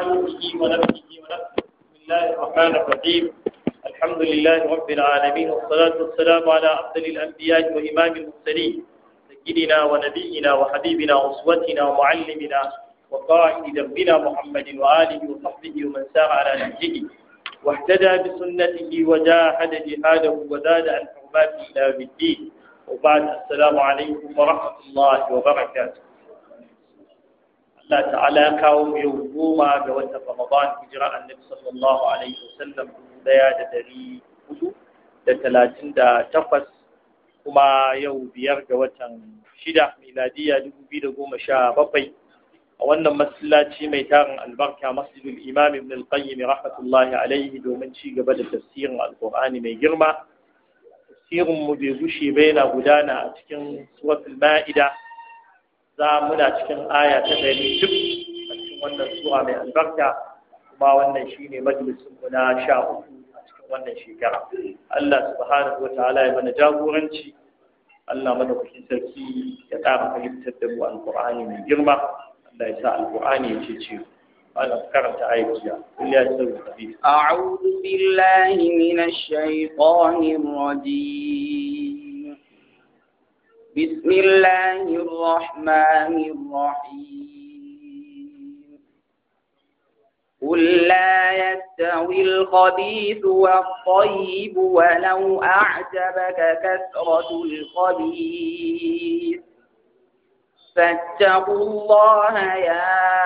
بحمده ونفسه ونفسه بسم الله الرحمن الرحيم الحمد لله رب العالمين والصلاة والسلام على أفضل الأنبياء وإمام المرسلين سيدنا ونبينا وحبيبنا وأسوتنا ومعلمنا وقائد دربنا محمد وآله وصحبه ومن سار على نهجه واهتدى بسنته وجاهد جهاده وزاد عن حرمات الله بالدين وبعد السلام عليكم ورحمة الله وبركاته Allah ta'ala ya kawo mu yau goma ga wata Ramadan hijira annabi sallallahu alaihi wasallam daya da dari hudu da talatin da takwas kuma yau biyar ga watan shida miladiya dubu biyu da goma sha bakwai a wannan masallaci mai tarin albarka masjidul imam ibn al-qayyim rahmatullahi alaihi domin ci gaba da tafsirin alqur'ani mai girma tafsirin mu bai gushe ba yana gudana a cikin suratul ma'ida za muna cikin aya ta ɗari duk a cikin wannan sura mai albarka kuma wannan shine majalisun mu na sha uku a cikin wannan shekara Allah subhanahu wataala ya mana jagoranci Allah madaukakin sarki ya ƙara fahimtar da mu alƙur'ani mai girma Allah ya sa alƙur'ani ya ce ce أعوذ بالله من الشيطان الرجيم بسم الله الرحمن الرحيم قل لا يستوي الخبيث والطيب ولو أعجبك كثرة الخبيث فاتقوا الله يا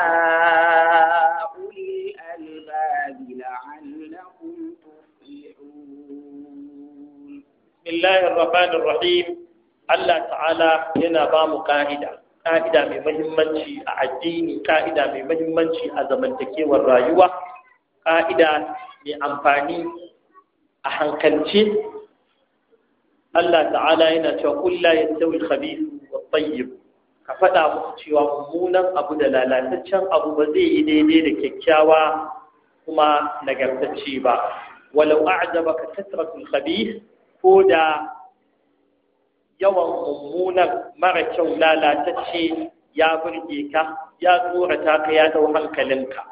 أولي الألباب لعلكم تفلحون بسم الله الرحمن الرحيم Allah ta'ala yana ba mu ƙa'ida ƙa'ida mai mahimmanci a addini ƙa'ida mai mahimmanci a zamantakewar rayuwa ƙa'ida mai amfani a hankalce Allah ta'ala yana cewa kulla ya tsawi khabisu wa tsayyib ka faɗa musu cewa mummunan abu da lalataccen abu ba zai yi daidai da kyakkyawa kuma nagartacce ba walau a'jabaka kasratul khabith ko da yawan mummunan mara kyau lalatacce ya burge ka ya tsorata ka ya dau hankalinka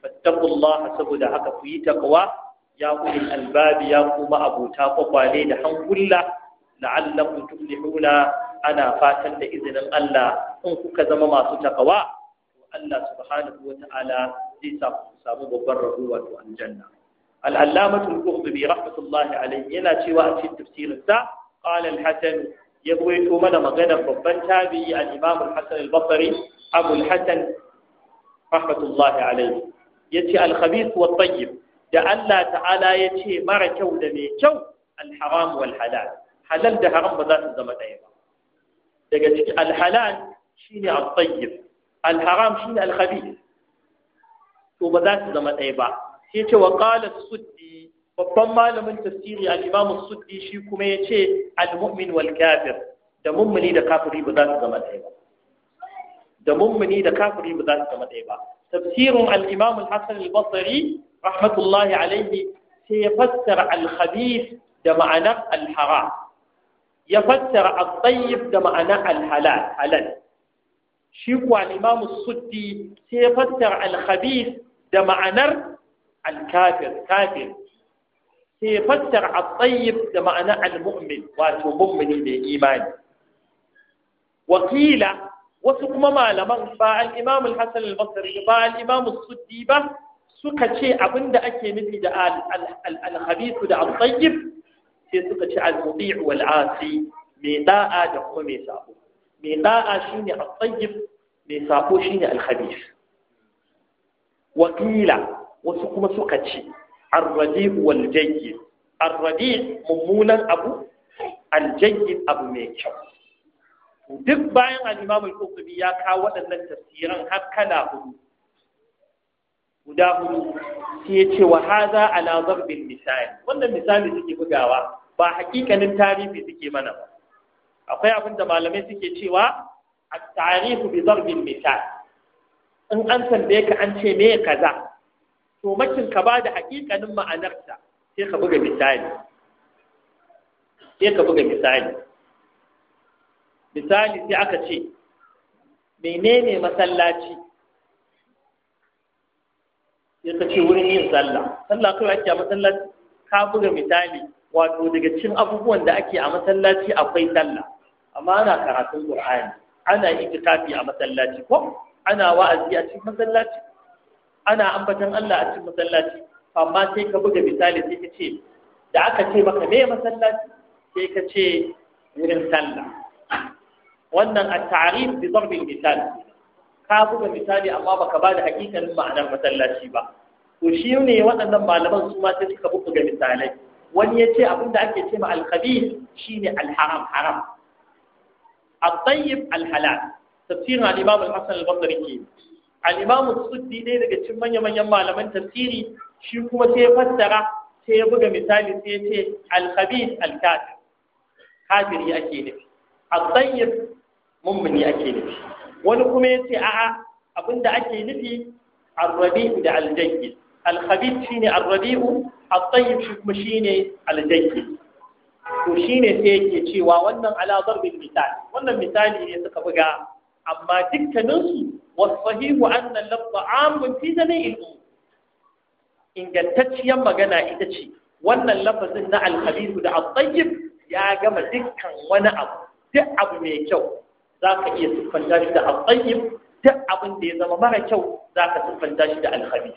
fattaqullaha saboda haka ku yi taqwa ya kuli albabi ya kuma abota kwakwale da hankula la'allakum tuflihuna ana fatan da izinin Allah in kuka zama masu taqwa Allah subhanahu wa ta'ala zai samu babbar rabo wato aljanna al-allamatu al-qurtubi rahmatullahi alayhi yana cewa a cikin tafsirinsa qala al-hasan ya ruwaito mana maganar babban tabi, al-Imam al-Hasan al-Basri Abu al-Hasan rahmatullahi alayhi yace al-khabith wa tayyib da Allah ta'ala ya ce mara kyau da mai kyau al-haram wal halal halal da haram ba za su zama ɗaya ba daga cikin al shi ne al-tayyib alharam shi ne al-khabith to ba za su zama ɗaya ba sai ce wa qala as-suddi babban malamin tafsiri al-imam suddi shi kuma yace ce al-mu'min wal kafir da mummuni da kafiri ba za su zama ɗaya ba da mummuni da kafiri ba za su zama ɗaya ba tafsirin al-imam al-hasan al-basri rahmatullahi alaihi sai ya fassara al-khabith da ma'anar al-haram ya fassara al-tayyib da ma'anar al-halal halal shi kuwa al-imam suddi sai ya fassara al-khabith da ma'anar al-kafir kafir sai fassara at-tayyib da ma'ana al-mu'min wato mu'mini mai imani wakila wasu kuma malaman ba al-imam al-hasan al-basri ba al-imam as-suddi ba suka ce abinda ake nufi da al-khabith da at-tayyib sai suka ce al-muti' wal-asi mai da'a da kuma mai sabo mai da'a shine al-tayyib mai sabo shine al-khabith wakila wasu kuma suka ce الرديء والجيد mummunan abu أبو abu mai kyau. duk bayan al-Imam al-Qurtubi ya kawo waɗannan tafsiran har kala hudu guda hudu sai ya ce wa hadha ala zarbil misali wannan misali suke bugawa ba hakikanin tarihi suke mana ba akwai abin da malamai suke cewa at-tarihu bi zarbil misal in an tambaye ka an ce me kaza to makin ka ba da haƙiƙanin ma'anarta sai ka buga misali sai ka buga misali misali sai aka ce menene masallaci sai ka ce wurin yin sallah sallah kawai ake a masallaci ka buga misali wato daga cikin abubuwan da ake a masallaci akwai sallah amma ana karatun qur'ani ana yin itikafi a masallaci ko ana wa'azi a cikin masallaci ana ambatan Allah a cikin masallaci amma sai ka buga misali sai ka ce da aka ce maka me masallaci sai ka ce irin sallah wannan a tarif bi darb misal ka buga misali amma baka ba da hakikanin ma'anar masallaci ba to shi ne waɗannan malaman su ma sai suka buga misalai wani ya ce abinda ake ce ma al shine Alharam haram at-tayyib tafsirin al-imam al-hasan al-basri ke al-imam suddi ne daga cikin manya-manyan malaman tafsiri shi kuma sai ya fassara sai ya buga misali sai ya ce al-khabith al-kafir kafiri ake nufi at-tayyib mummuni ake nufi wani kuma ya ce a'a abinda ake nufi ar-rabi'u da al-jayyid al-khabith shine ar-rabi'u at-tayyib shi kuma shine al-jayyid to shine sai yake cewa wannan ala zarbil misali wannan misali ne suka buga amma dukkaninsu والصحيح أن اللفظ عام في جميع الأمور إن جتتشيا مغنى إتشي وأن اللفظ إن الخبيث دع الطيب يا جمع ذكا وانا أبو تعب ميكو ذاك إيه سفن داش دع الطيب تعب دي زما مركو ذاك سفن داش دع الخبيث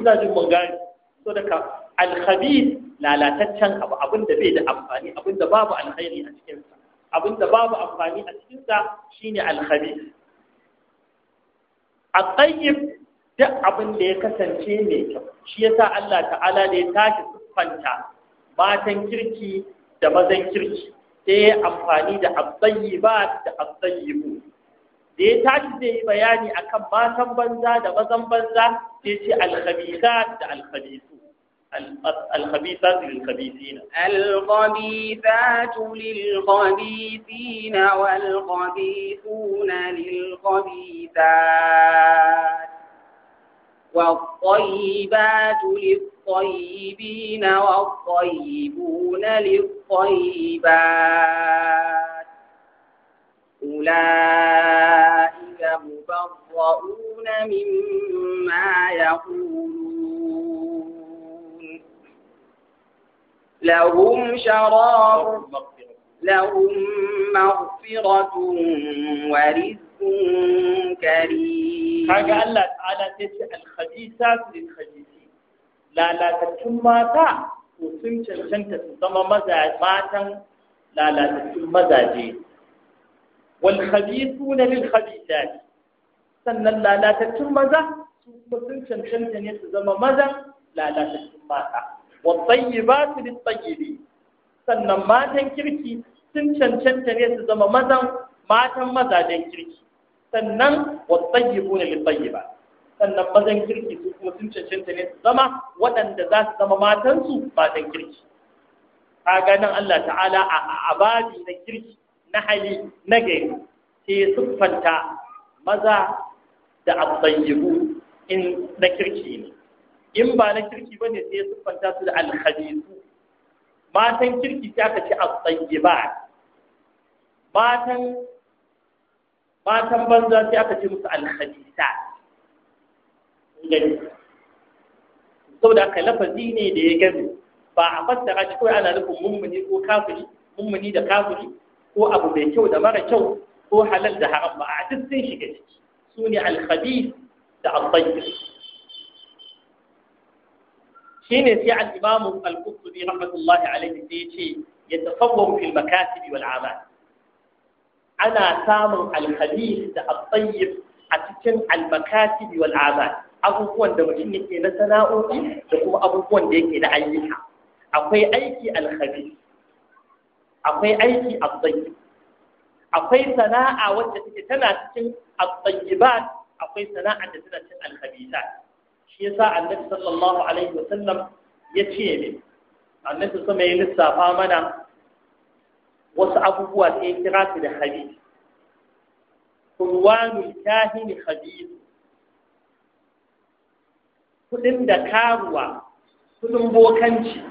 ina jin mun gani so daga alkhabith lalataccen abu abin da bai da amfani abin da babu alkhairi a cikinsa abin da babu amfani a cikinsa shine alkhabith a tsayin duk abin da ya kasance mai kyau shi sa Allah ta'ala da ya tashi siffanta matan kirki da mazan kirki sai ya amfani da abdayi ba da abdayi mu. da ya tashi zai yi bayani akan matan banza da mazan banza sai ce al da al الخبيثات للخبيثين الخبيثات للخبيثين والخبيثون للخبيثات والطيبات للطيبين والطيبون للطيبات أولئك مبرؤون مما يقولون لهم شراب لهم مغفرة ورزق كريم حاجة على على تسع الخبيثات للخبيثين لا لا تكون ما تا وسم شنشن تسمى مزاج ما لا لا تكون مزاجي والخبيثون للخبيثات سن لا لا تكون مزا وسم شنشن تسمى مزا لا لا تكون ما والطيبات للطيبين sannan matan kirki sun cancanta ne su zama mazan matan mazajen kirki sannan wasayibu ne ba, sannan mazan kirki su kuma sun cancanta ne su zama waɗanda za su zama matansu matan kirki a ganin Allah ta'ala a abadi na kirki na hali na gari ke siffanta maza da asayibu in na kirki ne in ba na kirki ba ne sai ya fanta su da alhadisu matan kirki ta ka ci at-tayyibat matan matan banza sai aka ce musu alhadisa gani saboda aka lafazi ne da ya gami ba a fassara shi kawai ana nufin mummuni ko kafiri mummuni da kafiri ko abu mai kyau da mara kyau ko halal da haram ba a duk sun shiga ciki su ne alhadis da al shine sai al-imamu al-qurtubi rahmatullahi alaihi sai yace yatasawwaru fil makasib wal amal ana samun al-khabith da at-tayyib a cikin al-makasib wal amal abubuwan da mutum yake na sana'o'i da kuma abubuwan da yake na ayyuka akwai aiki al-khabith akwai aiki at-tayyib akwai sana'a wacce take tana cikin at-tayyibat akwai sana'a da tana cikin al-khabithat shi yasa annabi sallallahu alaihi wasallam ya ce ne annabi sama ya lissafa mana wasu abubuwa da ya kira su da habib kulwanul kahini habib kudin da karuwa kudin bokanci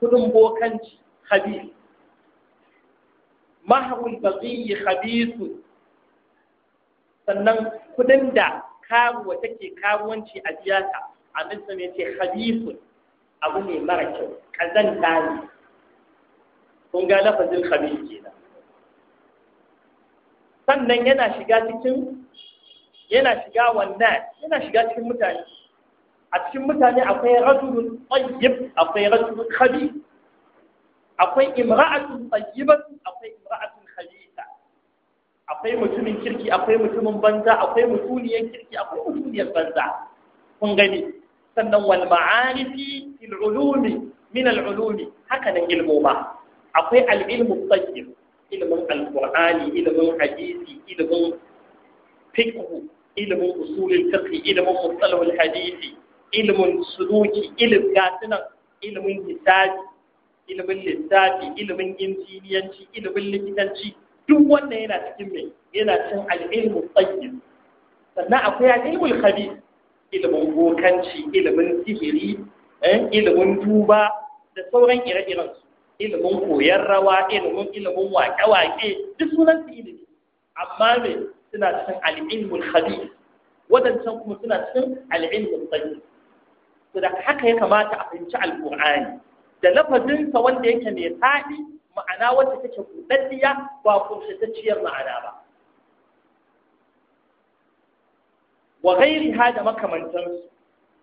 kudin bokanci habib mahawul baghi habib sannan kudin da karuwa take karuwanci a siyasa a bisa sun ce khabithun abu ne mara kyau kazan tani kun ga lafazin ke kenan sannan yana shiga cikin yana shiga wannan yana shiga cikin mutane a cikin mutane akwai rajulun tsayyib akwai rajulun khabith akwai imra'atun tsayyibatu akwai imra'atun akwai mutumin kirki akwai mutumin banza akwai mutuniyar kirki akwai mutuniyar banza kun gani sannan wal ma'arifi fil ulumi min al ulumi haka nan ilmu akwai al ilmu tsayyib ilmin alqur'ani ilmin hadisi ilmin fiqh ilmin usulul fiqh ilmin hadisi ilmin suluki ilmin gasinan ilmin hisabi ilmin lissafi ilmin injiniyanci ilmin likitanci duk wannan yana cikin mai yana cin al'ilmu tsayin sannan akwai al'ilmul khabi ilimin bokanci ilimin sihiri eh, ilimin duba da sauran ire-iren su ilimin koyar rawa ilimin ilimin wake-wake duk sunan su ilimi amma mai suna cikin al'ilmul khabi wadancan kuma suna cin al'ilmul tsayin to da haka ya kamata a fahimci alƙur'ani da lafazinsa wanda yake mai tsadi ma'ana wanda take buɗaɗɗiya ba ciyar ma'ana ba wa ghairi hada makamantansu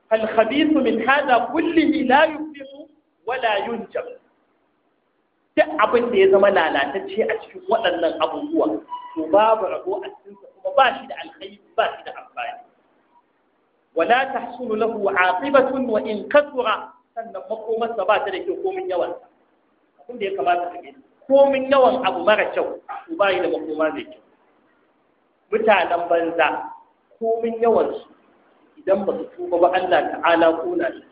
Alkabisu khabithu min hada kullihi la yufiqu wala yunjab duk abin da ya zama lalatacce a cikin waɗannan abubuwa to babu rabo a cikinsa kuma ba shi da alkhairi ba shi da amfani wala tahsulu lahu aqibatun wa in kasura sannan makomarsa ba ta da kyau komin yawansa inda ya kamata ka gani komin yawan abu mara kyau to ba yi da makoma mai kyau mutanen banza komin yawansu idan ba su tuba ba Allah ta'ala kona shi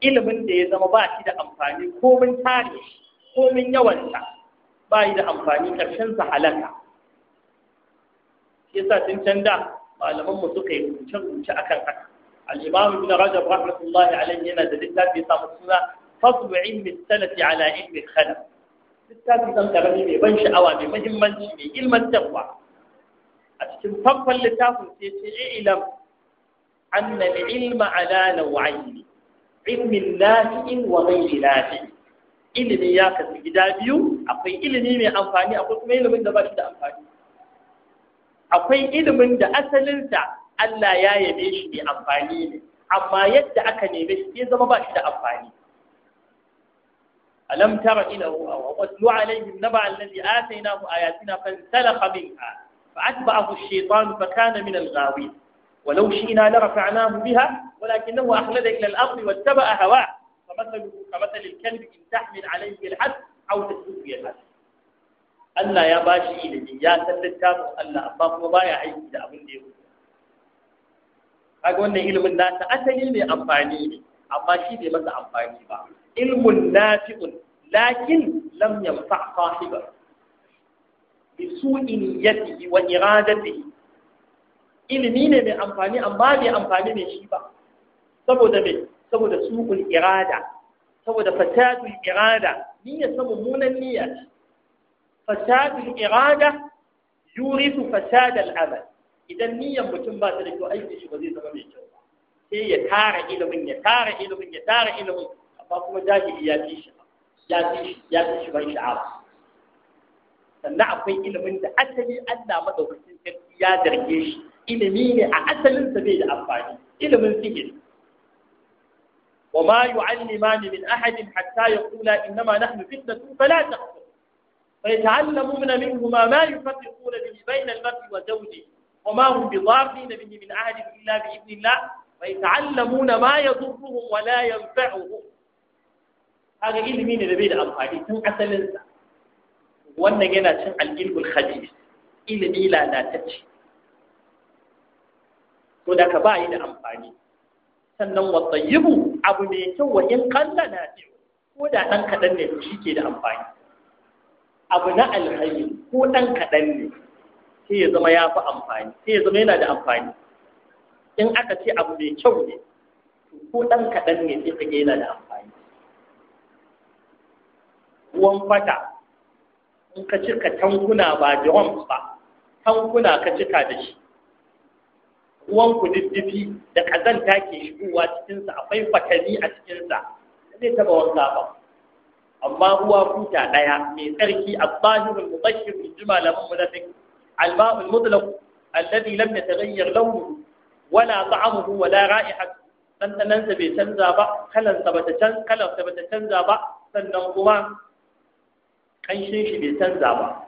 ilimin da ya zama ba shi da amfani komin tare komin yawansa ba yi da amfani ƙarshen sa halaka shi yasa tun can da malaman mu suka yi rubuce rubuce akan haka al-imam ibn rajab rahmatullahi alayhi yana da littafi ya samu suna فضل علم السلف على علم الخلف littafin ɗan ƙarami mai ban sha'awa mai mahimmanci mai a cikin farkon littafin sai ce ilam anna ilma ala naw'ayn ilmin nafi'in wa ghayri nafi' ilimi ya kasu gida biyu akwai ilimi mai amfani akwai kuma da ba akwai ilimin da asalinsa Allah ya yabe shi mai amfani ne amma yadda aka neme shi zama ba shi da amfani Alamtara tara ila huwa wa qad lu alayhim naba alladhi atainahu ayatina fantalakha minha fa atba'ahu ash-shaytan fa kana min al-ghawin wa law shi'na la rafa'nahu biha walakinahu akhlada ila al-ardi wattaba'a hawa fa mathaluhu kamathali al-kalb in tahmil alayhi al-had aw Allah ya bashi ilimi ya san littafin Allah amma kuma baya aiki da abin da ya rubuta kaga wannan ilimin nasa asali ne amfani ne amma shi bai masa amfani ba ilmun nafi'un lakin lam yanfa sahiba bi su'i niyyatihi wa iradatihi ilimi ne mai amfani amma bai amfani mai shi ba saboda mai saboda su'ul irada saboda fasadul irada niyyar sa mummunan niyya ce fasadul irada yurisu fasadal amal idan niyyar mutum ba ta da kyau aiki shi ba zai zama mai kyau sai ya tara ilimin ya tara ilimin ya tara ilimin amma kuma jahili ya fi shi ya fi shi ya fi shi ban sha'awa sannan akwai ilimin da asali Allah madaukakin sarki ya zarge shi ilimi ne a asalinsa bai da amfani ilimin sihiri وما يعلمان من أحد حتى يقولا إنما نحن فتنة فلا تكفر فيتعلمون منهما ما يفرقون به بين المرء وزوجه وما هم بضارين به من أحد إلا بإذن الله فيتعلمون ما يضرهم ولا ينفعهم kaga ilimi ne da bai da amfani tun asalinsa wannan yana cin al'ilmul hadis ilimi lalatacce to da ka ba yi da amfani sannan wa tsayibu abu mai kyau wa in kalla na ce ko da ɗan kaɗan ne to shi ke da amfani abu na alhayi ko ɗan kaɗan ne sai ya zama ya fi amfani sai ya zama yana da amfani in aka ce abu mai kyau ne ko ɗan kaɗan ne sai ka yana da amfani ruwan fata in ka cika tankuna ba drums ba tankuna ka cika da shi ruwan kududdufi da kazanta ke shigowa cikinsa akwai fatani a cikinsa zai taba wanka ba amma ruwa kuta ɗaya mai tsarki a zahirul mubashir in ji malaman munafik al-ma'ul alladhi lam yataghayyar launuhu wala ta'amuhu wala ra'ihatuhu ɗanɗanansa bai canza ba sa bata canza ba sannan kuma kanshin shi bai canza ba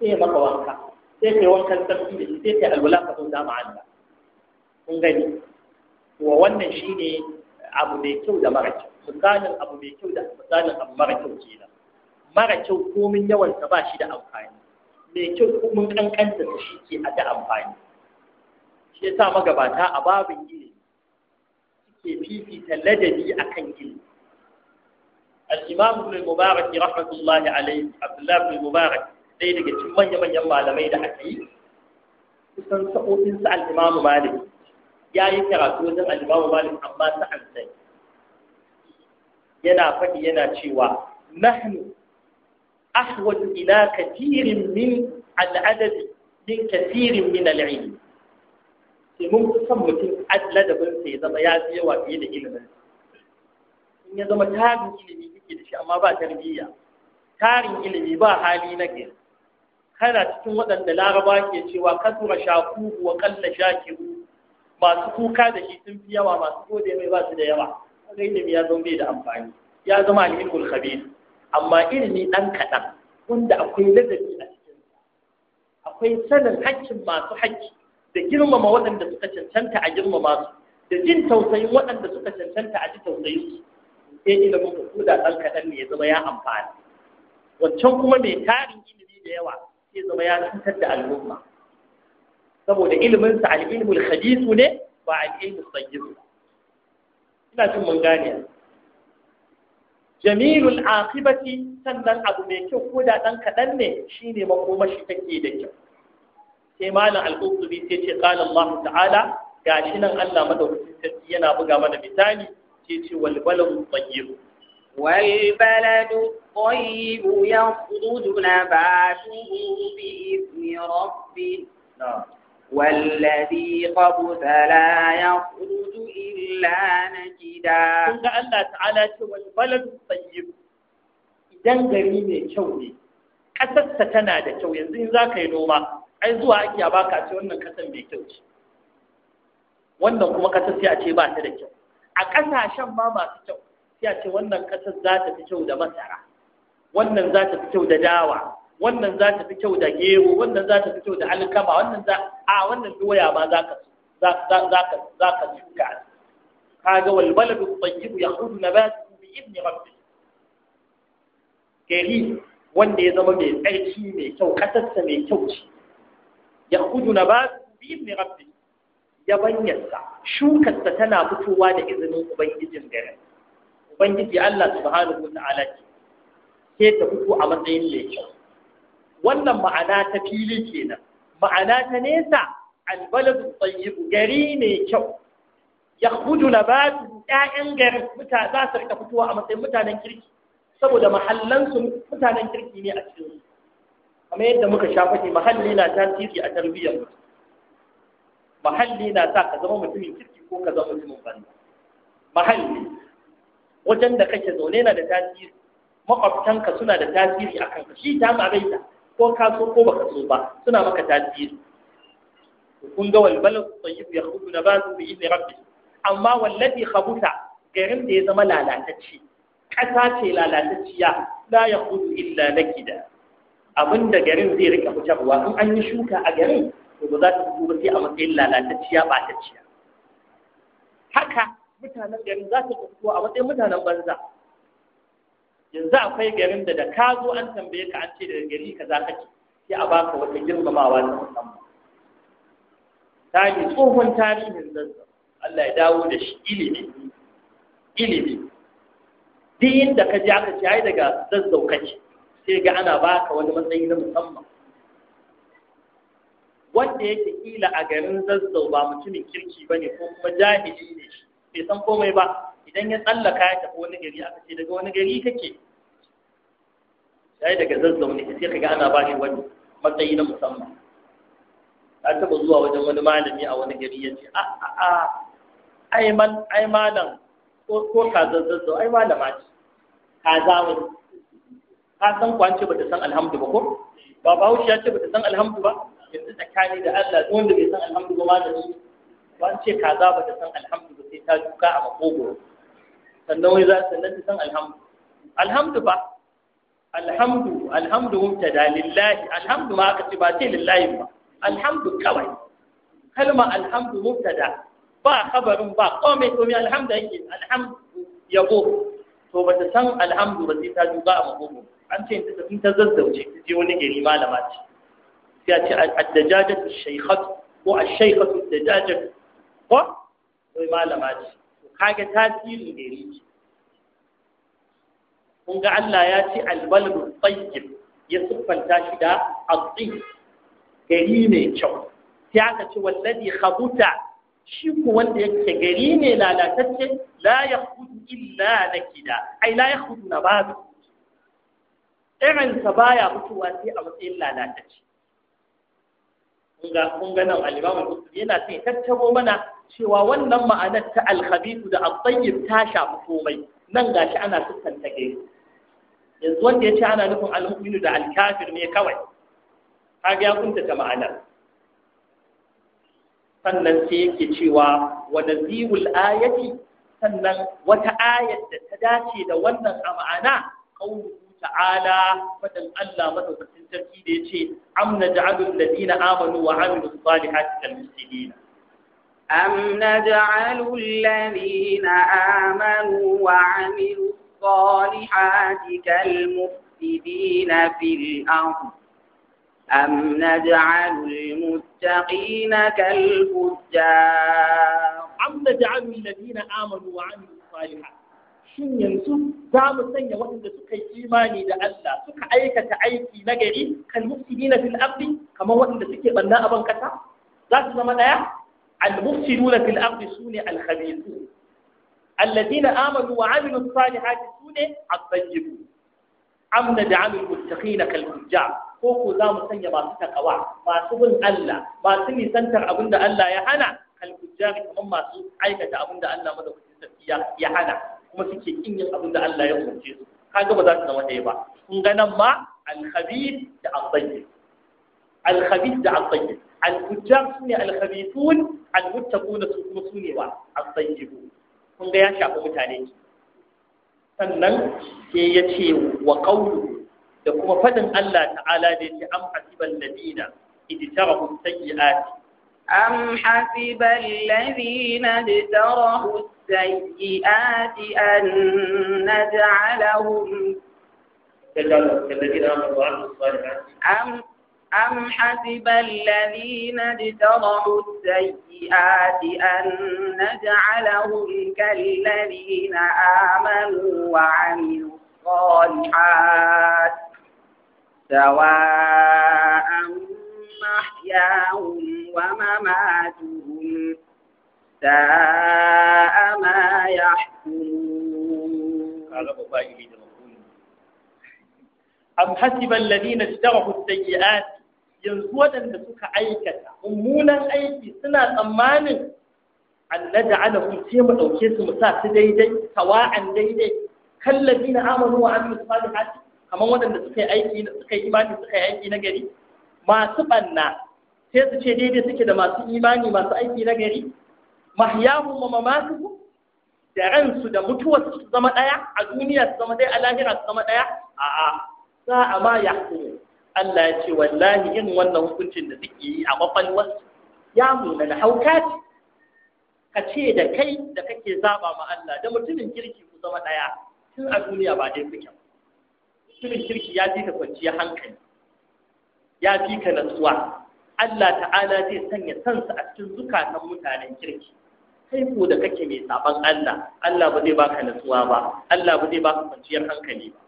sai ya maka wanka sai ka yi wankan tsarki da shi sai yi alwala ka bauta dama Allah kun gani wa wannan shi ne abu mai kyau da mara kyau misalin abu mai kyau da misalin abu mara kyau kenan mara kyau komin yawan ta ba shi da amfani mai kyau komin kankanta ta shi ke a da amfani shi ya sa magabata a babin ilimi suke fifita ladabi akan ilimi al-imam ibn mubarak rahmatullahi alayhi abdullah mubarak dai daga cikin manyan malamai da aka yi kusan sa'o'in sa al ya yi karatu wajen al-imam amma sa'an sai yana faɗi yana cewa nahnu ahwaju ina katirin min al-adabi min katirin min al sai mun mutum ya ya fi yawa fiye da ilimin in ya zama tarin ilimi kike da shi amma ba tarbiyya tarin ilimi ba hali na gari kana cikin waɗanda laraba ke cewa kasura Shaku wa kalla shakiru masu kuka da shi sun fi yawa masu gode mai ba su da yawa kaga ilimi ya zama bai da amfani ya zama alhilmul khabir amma ilimi ɗan kaɗan wanda akwai ladabi a cikin akwai sanin haƙƙin masu haƙƙi da girmama waɗanda suka cancanta a girmama su da jin tausayin waɗanda suka cancanta a ji tausayin su sai ilimin ku da ɗan kaɗan ne ya zama ya amfani wancan kuma mai tarin ilimi da yawa sai zama ya cutar da al'umma saboda iliminsa sa al ne, hadisu ne ba al-ilmul sayyidu ina cin mun gane jamilul aqibati sannan abu mai kyau ko da ɗan kaɗan ne shine makomashi take da kyau sai malam al-qurtubi sai ce qala Allah ta'ala shi nan Allah madaukakin sarki yana buga mana misali sai ce wal baladu tayyib wal baladu tayyib yakhruju nabatuhu bi idni rabbih والذي خبث لا يخرج إلا نكدا كنت الله تعالى والبلد الطيب idan gari mai kyau ne ƙasarsa tana da kyau yanzu in za ka yi noma ai zuwa ake ba ka ce wannan ƙasar mai kyau ce wannan kuma ƙasar sai a ce ba ta da kyau a ƙasashen ma masu kyau sai a ce wannan ƙasar za ta fi kyau da masara wannan za ta fi kyau da dawa wannan za ta fi kyau da gero wannan za ta fi kyau da alkama wannan za a wannan doya ma za ka za ka za ka shuka kaga wal baladu tayyibu yakhruju nabatuhu bi idni rabbi gari wanda ya zama mai tsarki mai kyau kasarsa mai kyau ce yakhruju nabatuhu bi idni rabbi yabanyarsa shukarsa tana fitowa da izinin ubangijin garin ubangiji Allah subhanahu ta'ala ce sai ta fito a matsayin mai kyau wannan ma'ana ta fili kenan ma'ana ta nesa albaladu tsayibu gari mai kyau ya kudu labatu ƴaƴan garin za su rika fitowa a matsayin mutanen kirki saboda mahallansu mutanen kirki ne a cikin kamar yadda muka shafa ne mahalli na tasiri a tarbiyyar mutum mahalli na sa ka zama mutumin kirki ko ka zama mutumin banza mahalli wajen da kake zaune na da tasiri makwabtanka suna da tasiri a kanka shi ta maraita ko ka so ko baka so ba suna maka tasiri kun ga wal ya khudu na nabatu bi idni rabbi? amma wallazi khabuta garin da ya zama lalatacce kasa ce lalatacciya la khudu illa nakida abinda garin zai rika fitarwa in an yi shuka a garin to ba za ta fito ba sai a matsayin lalatacciya ciya haka mutanen garin za ta fito a matsayin mutanen banza yanzu akwai garin da da ka zo an tambaye ka an ce daga gari ka za ka kake sai a baka wata girmamawa ta musamman yi tsohon tarihin zazzau Allah ya dawo da shi ilimi ilimi duk inda ka ji aka ce ai daga zazzau kake sai ga ana baka wani matsayi na musamman wanda yake kila a garin zazzau ba mutumin kirki ba ne ko kuma jahili ne shi bai san komai ba idan ya tsallaka ya tafi wani gari aka ce daga wani gari kake sai daga zazzau ne sai kaga ana ba shi wani matsayi na musamman ta taba zuwa wajen wani malami a wani gari ya ce a ah, a ah, a ah, ai man ai malam ko ko ka zazzau ai malama ce ka zawo ka san kwance ba ta san alhamdu ba ko ba bahaushe ya ce ba ta san alhamdu ba yanzu tsakani da Allah wanda bai san alhamdu ba da su. ba ce kaza ba ta san alhamdu ba sai ta duka a makogoro sannan wai za sannan ta san alhamdu alhamdu ba alhamdu alhamdu mubtada lillahi alhamdu ma aka ce ba ce lillahi ba alhamdu kawai kalma alhamdu mubtada ba khabarin ba komai komai alhamdu yake alhamdu yabo to ba ta san alhamdu ba sai ta duka a makogoro an ce in ta zazzauce ta je wani gari malama ce sai a ce addajajatu shaykhatu ko ash-shaykhatu addajajatu ko wai malama ce kage tasiri da riki kun ga Allah ya ce albaladu tayyib ya siffanta shi da azzi gari ne kyau sai aka ce wallazi khabuta shi ku wanda yake gari ne lalatacce la yakhudu illa nakida ai la yakhudu na irin sa baya mutuwa sai a matsayin lalatacce kun ga nan al-Imam yana sai tattabo mana cewa wannan ma'anar ta al-khabithu da at-tayyib ta shafi komai nan gashi ana sukkanta ke yanzu wanda ya ce ana nufin al-mu'minu da al-kafir ne kawai kaga ya kuntata ma'anar sannan sai yake cewa wa nazirul ayati sannan wata ayat da ta dace da wannan a ma'ana qawluhu ta'ala fadan Allah madaukakin sarki da ya ce am naj'alul ladina amanu wa salihati kal muslimin أم نجعل الذين آمنوا وعملوا الصالحات كالمفسدين في الأرض أم نجعل المتقين كالفجار أم نجعل الذين آمنوا وعملوا الصالحات shin yanzu za mu sanya waɗanda suka yi imani da Allah suka aikata aiki na gari kan mufsidina fil ardi kamar waɗanda suke banna a ban kasa za su zama ɗaya al mufsiduna fil ardi sune al khabithu الذين آمنوا وعملوا الصالحات سنة الطيبون أم نجعل المتقين كالفجار ko ko za mu sanya masu takawa masu bin Allah masu nisantar abin da Allah ya hana kalkujjari kamar masu aikata abin da Allah madaukakin sarki ya hana kuma suke kin yin abin da Allah ya umarce su kaga ba za su zama ɗaya ba kun ga nan ma al-khabith da al-tayyib al-khabith da al-tayyib al-fujjar sune al-khabithun al-muttaqun su kuma sune ba al-tayyib kun ga ya shafi mutane ki? sannan sai ya ce wa qawlu da kuma fadin Allah ta'ala da yace am hasiban ladina idtarahu sayyi'ati أم حسب الذين اجترحوا السيئات أن نجعلهم كالذين آمنوا وعملوا الصالحات أم أم حسب الذين اجترحوا السيئات أن نجعلهم كالذين آمنوا وعملوا الصالحات سواء محياهم ومماتهم ساء ما يحكمون أم حسب الذين اجترحوا السيئات yanzu waɗanda suka aikata mummunan aiki suna tsammanin an naj'alahum sai mu dauke su musa sa su daidai sawa'an daidai kallabi na amanu wa amilu salihati kamar wadanda suka yi aiki suka yi imani suka yi aiki na gari masu banna sai su ce daidai suke da masu imani masu aiki na gari mahyahum wa mamatuhum da ransu da mutuwar su zama ɗaya a duniya su zama ɗaya a lahira su zama ɗaya a'a za a ma ya Allah ya ce wallahi yin wannan hukuncin da suke yi a mafalwarsu ya muna na hauka ce ka ce da kai da kake zaba ma Allah da mutumin kirki ku zama ɗaya tun a duniya ba dai suke mutumin kirki ya fi ka kwanciya hankali ya fi ka natsuwa Allah ta'ala zai sanya sansa a cikin zukatan mutanen kirki kai ko da kake mai saban Allah Allah ba zai baka nutsuwa ba Allah ba zai baka kwanciyar hankali ba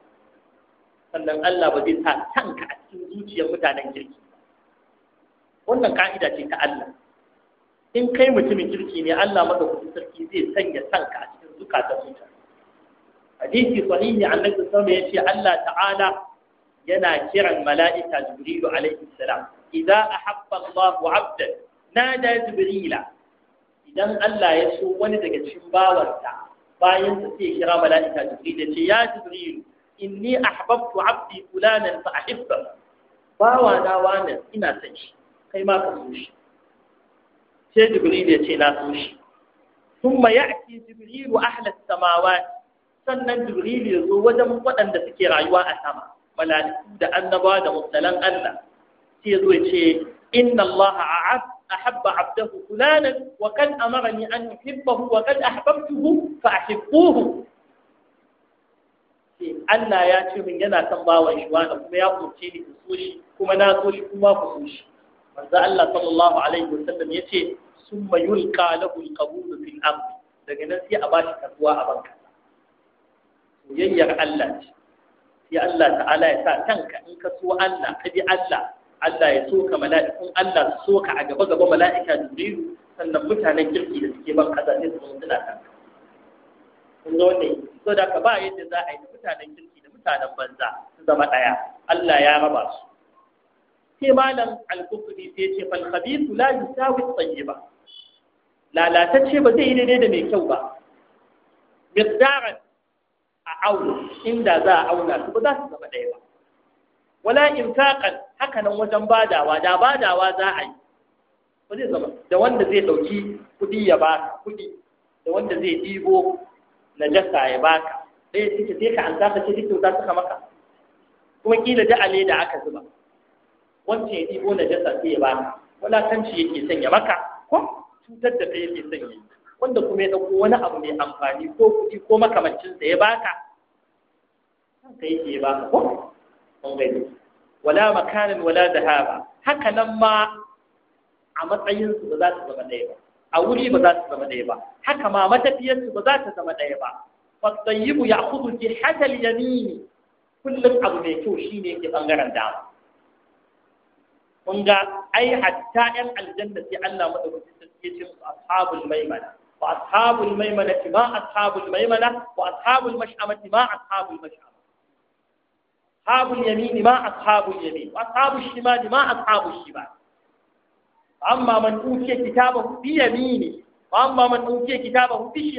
sannan Allah ba zai sa kanka a cikin zuciyar mutanen kirki wannan ka'ida ce ta Allah in kai mutumin kirki ne Allah kudin sarki zai sanya tanka a cikin zukatan mutane hadisi sahihi annabi sallallahu alaihi wasallam yace Allah ta'ala yana kiran mala'ika jibrilu alaihi salam idza ahabba Allahu 'abdan nada jibrila idan Allah ya so wani daga cikin bawansa bayan sa sai kira mala'ika Jibril ya ce ya Jibril inni ahbabtu abdi fulanan fa ahibba bawa na wani ina son shi kai ma ka so shi sai Jibril ya ce na so shi thumma ya'ti Jibril ahla as-samawati sannan Jibril ya zo wajen waɗanda suke rayuwa a sama mala'iku da annabawa da mursalan Allah sai ya zo ya ce inna Allah ahabba abdahu fulanan wa kan amarani an uhibbahu wa kan ahbabtuhu fa ahibbuhu ce Allah ya ce min yana kan bawa shi wani kuma ya kurce ni so shi kuma na so shi kuma ku so shi manzo Allah sallallahu alaihi wasallam yace summa yulqa lahu alqabul fil amr daga nan sai a bashi karbuwa a banka soyayyar Allah ce sai Allah ta'ala ya sa kanka in ka so Allah ka bi Allah Allah ya soka mala'ikun Allah su soka a gaba gaba mala'ika da biyu sannan mutanen kirki da suke ban kaza sai su zama suna kan kun zo ne so da ka ba yadda za a yi da mutanen kirki da mutanen banza su zama ɗaya Allah ya raba su sai malam al-kufri sai ce fal khabithu la yusawi at-tayyiba lalatacce ba zai yi daidai da mai kyau ba miqdaran a auna inda za a auna su ba za su zama ɗaya ba wala infaqan haka nan wajen badawa da badawa za a yi ba zai zama da wanda zai ɗauki kuɗi ya ba kuɗi da wanda zai ɗibo jasa ya baka ɗaya suke sai ka an ka ce duk kyauta suka maka kuma kila da ale da aka zuba wancan ya ɗibo jasa sai ya baka wulakanci yake son ya maka ko cutar da kai yake son yi wanda kuma ya ɗauko wani abu mai amfani ko kuɗi ko makamancinsa ya baka kan yi yake ya baka ko? Mun gani. wala makanin wala dahaba haka nan ma a matsayin su ba za su zama ɗaya ba a wuri ba za su zama ɗaya ba haka ma su ba za ta zama ɗaya ba fasayyibu ya kudu fi hatal yamini kullum abu mai kyau shine ke bangaren dama kun ga ai hatta yan aljanna sai Allah madaukakin sarki ya ce musu ashabul maimana wa ashabul maimana ma ashabul maimana wa ashabul mash'amati ma ashabul mash'amati ashabul yamini ma ashabul yamin ashabul shimali ma ashabul shimal amma man utiya kitabahu bi yamini wa amma man utiya kitabahu bi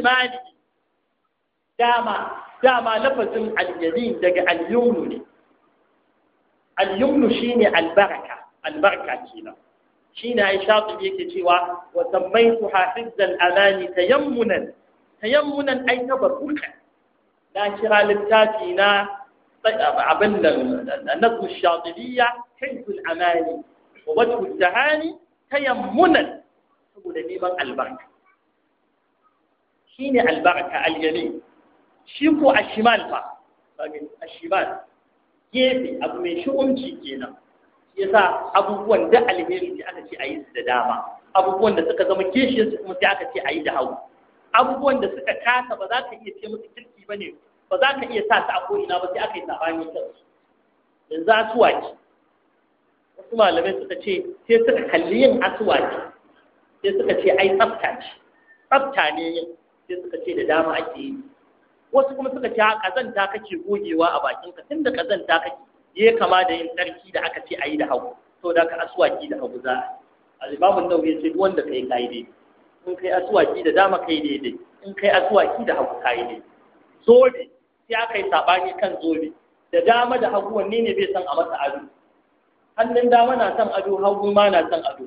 dama dama lafazin al-yamin daga al-yumnu ne al-yumnu al-baraka al-baraka kenan shine ai shafi yake cewa wa sammaytu hafizzal amani tayammunan tayammunan ai na kira littafi na abin da nazmu shatibiyya hizbul amani wa wajhu tahani tayammunan saboda neman albarka shine albarka alyami shi ko ashimal fa kaga ashimal gefe abu mai shi'umci kenan yasa abubuwan da alheri da aka ce a yi su da dama abubuwan da suka zama kishiyarsu kuma sai aka ce a yi da hagu abubuwan da suka kasa ba za ka iya ce kirki ba ne ba za ka iya sa ta a ko'ina ba sai aka yi sabani kansu yanzu asuwaki wasu malamai suka ce sai suka kalli yin asuwaki sai suka ce ai tsafta ce tsafta ne yin sai suka ce da dama ake yi wasu kuma suka ce kazanta kake gogewa a bakinka tunda kazanta kake ya kama da yin tsarki da aka ce a yi da hagu to da ka asuwaki da hagu za a yi alimamun sai ya ce wanda kai kai dai in kai asuwaki da dama kai daidai in kai asuwaki da hagu kai dai so dai sai aka yi saɓani kan zobe da dama da hagu wanne ne bai san a masa ado hannun dama na san ado hagu ma na san ado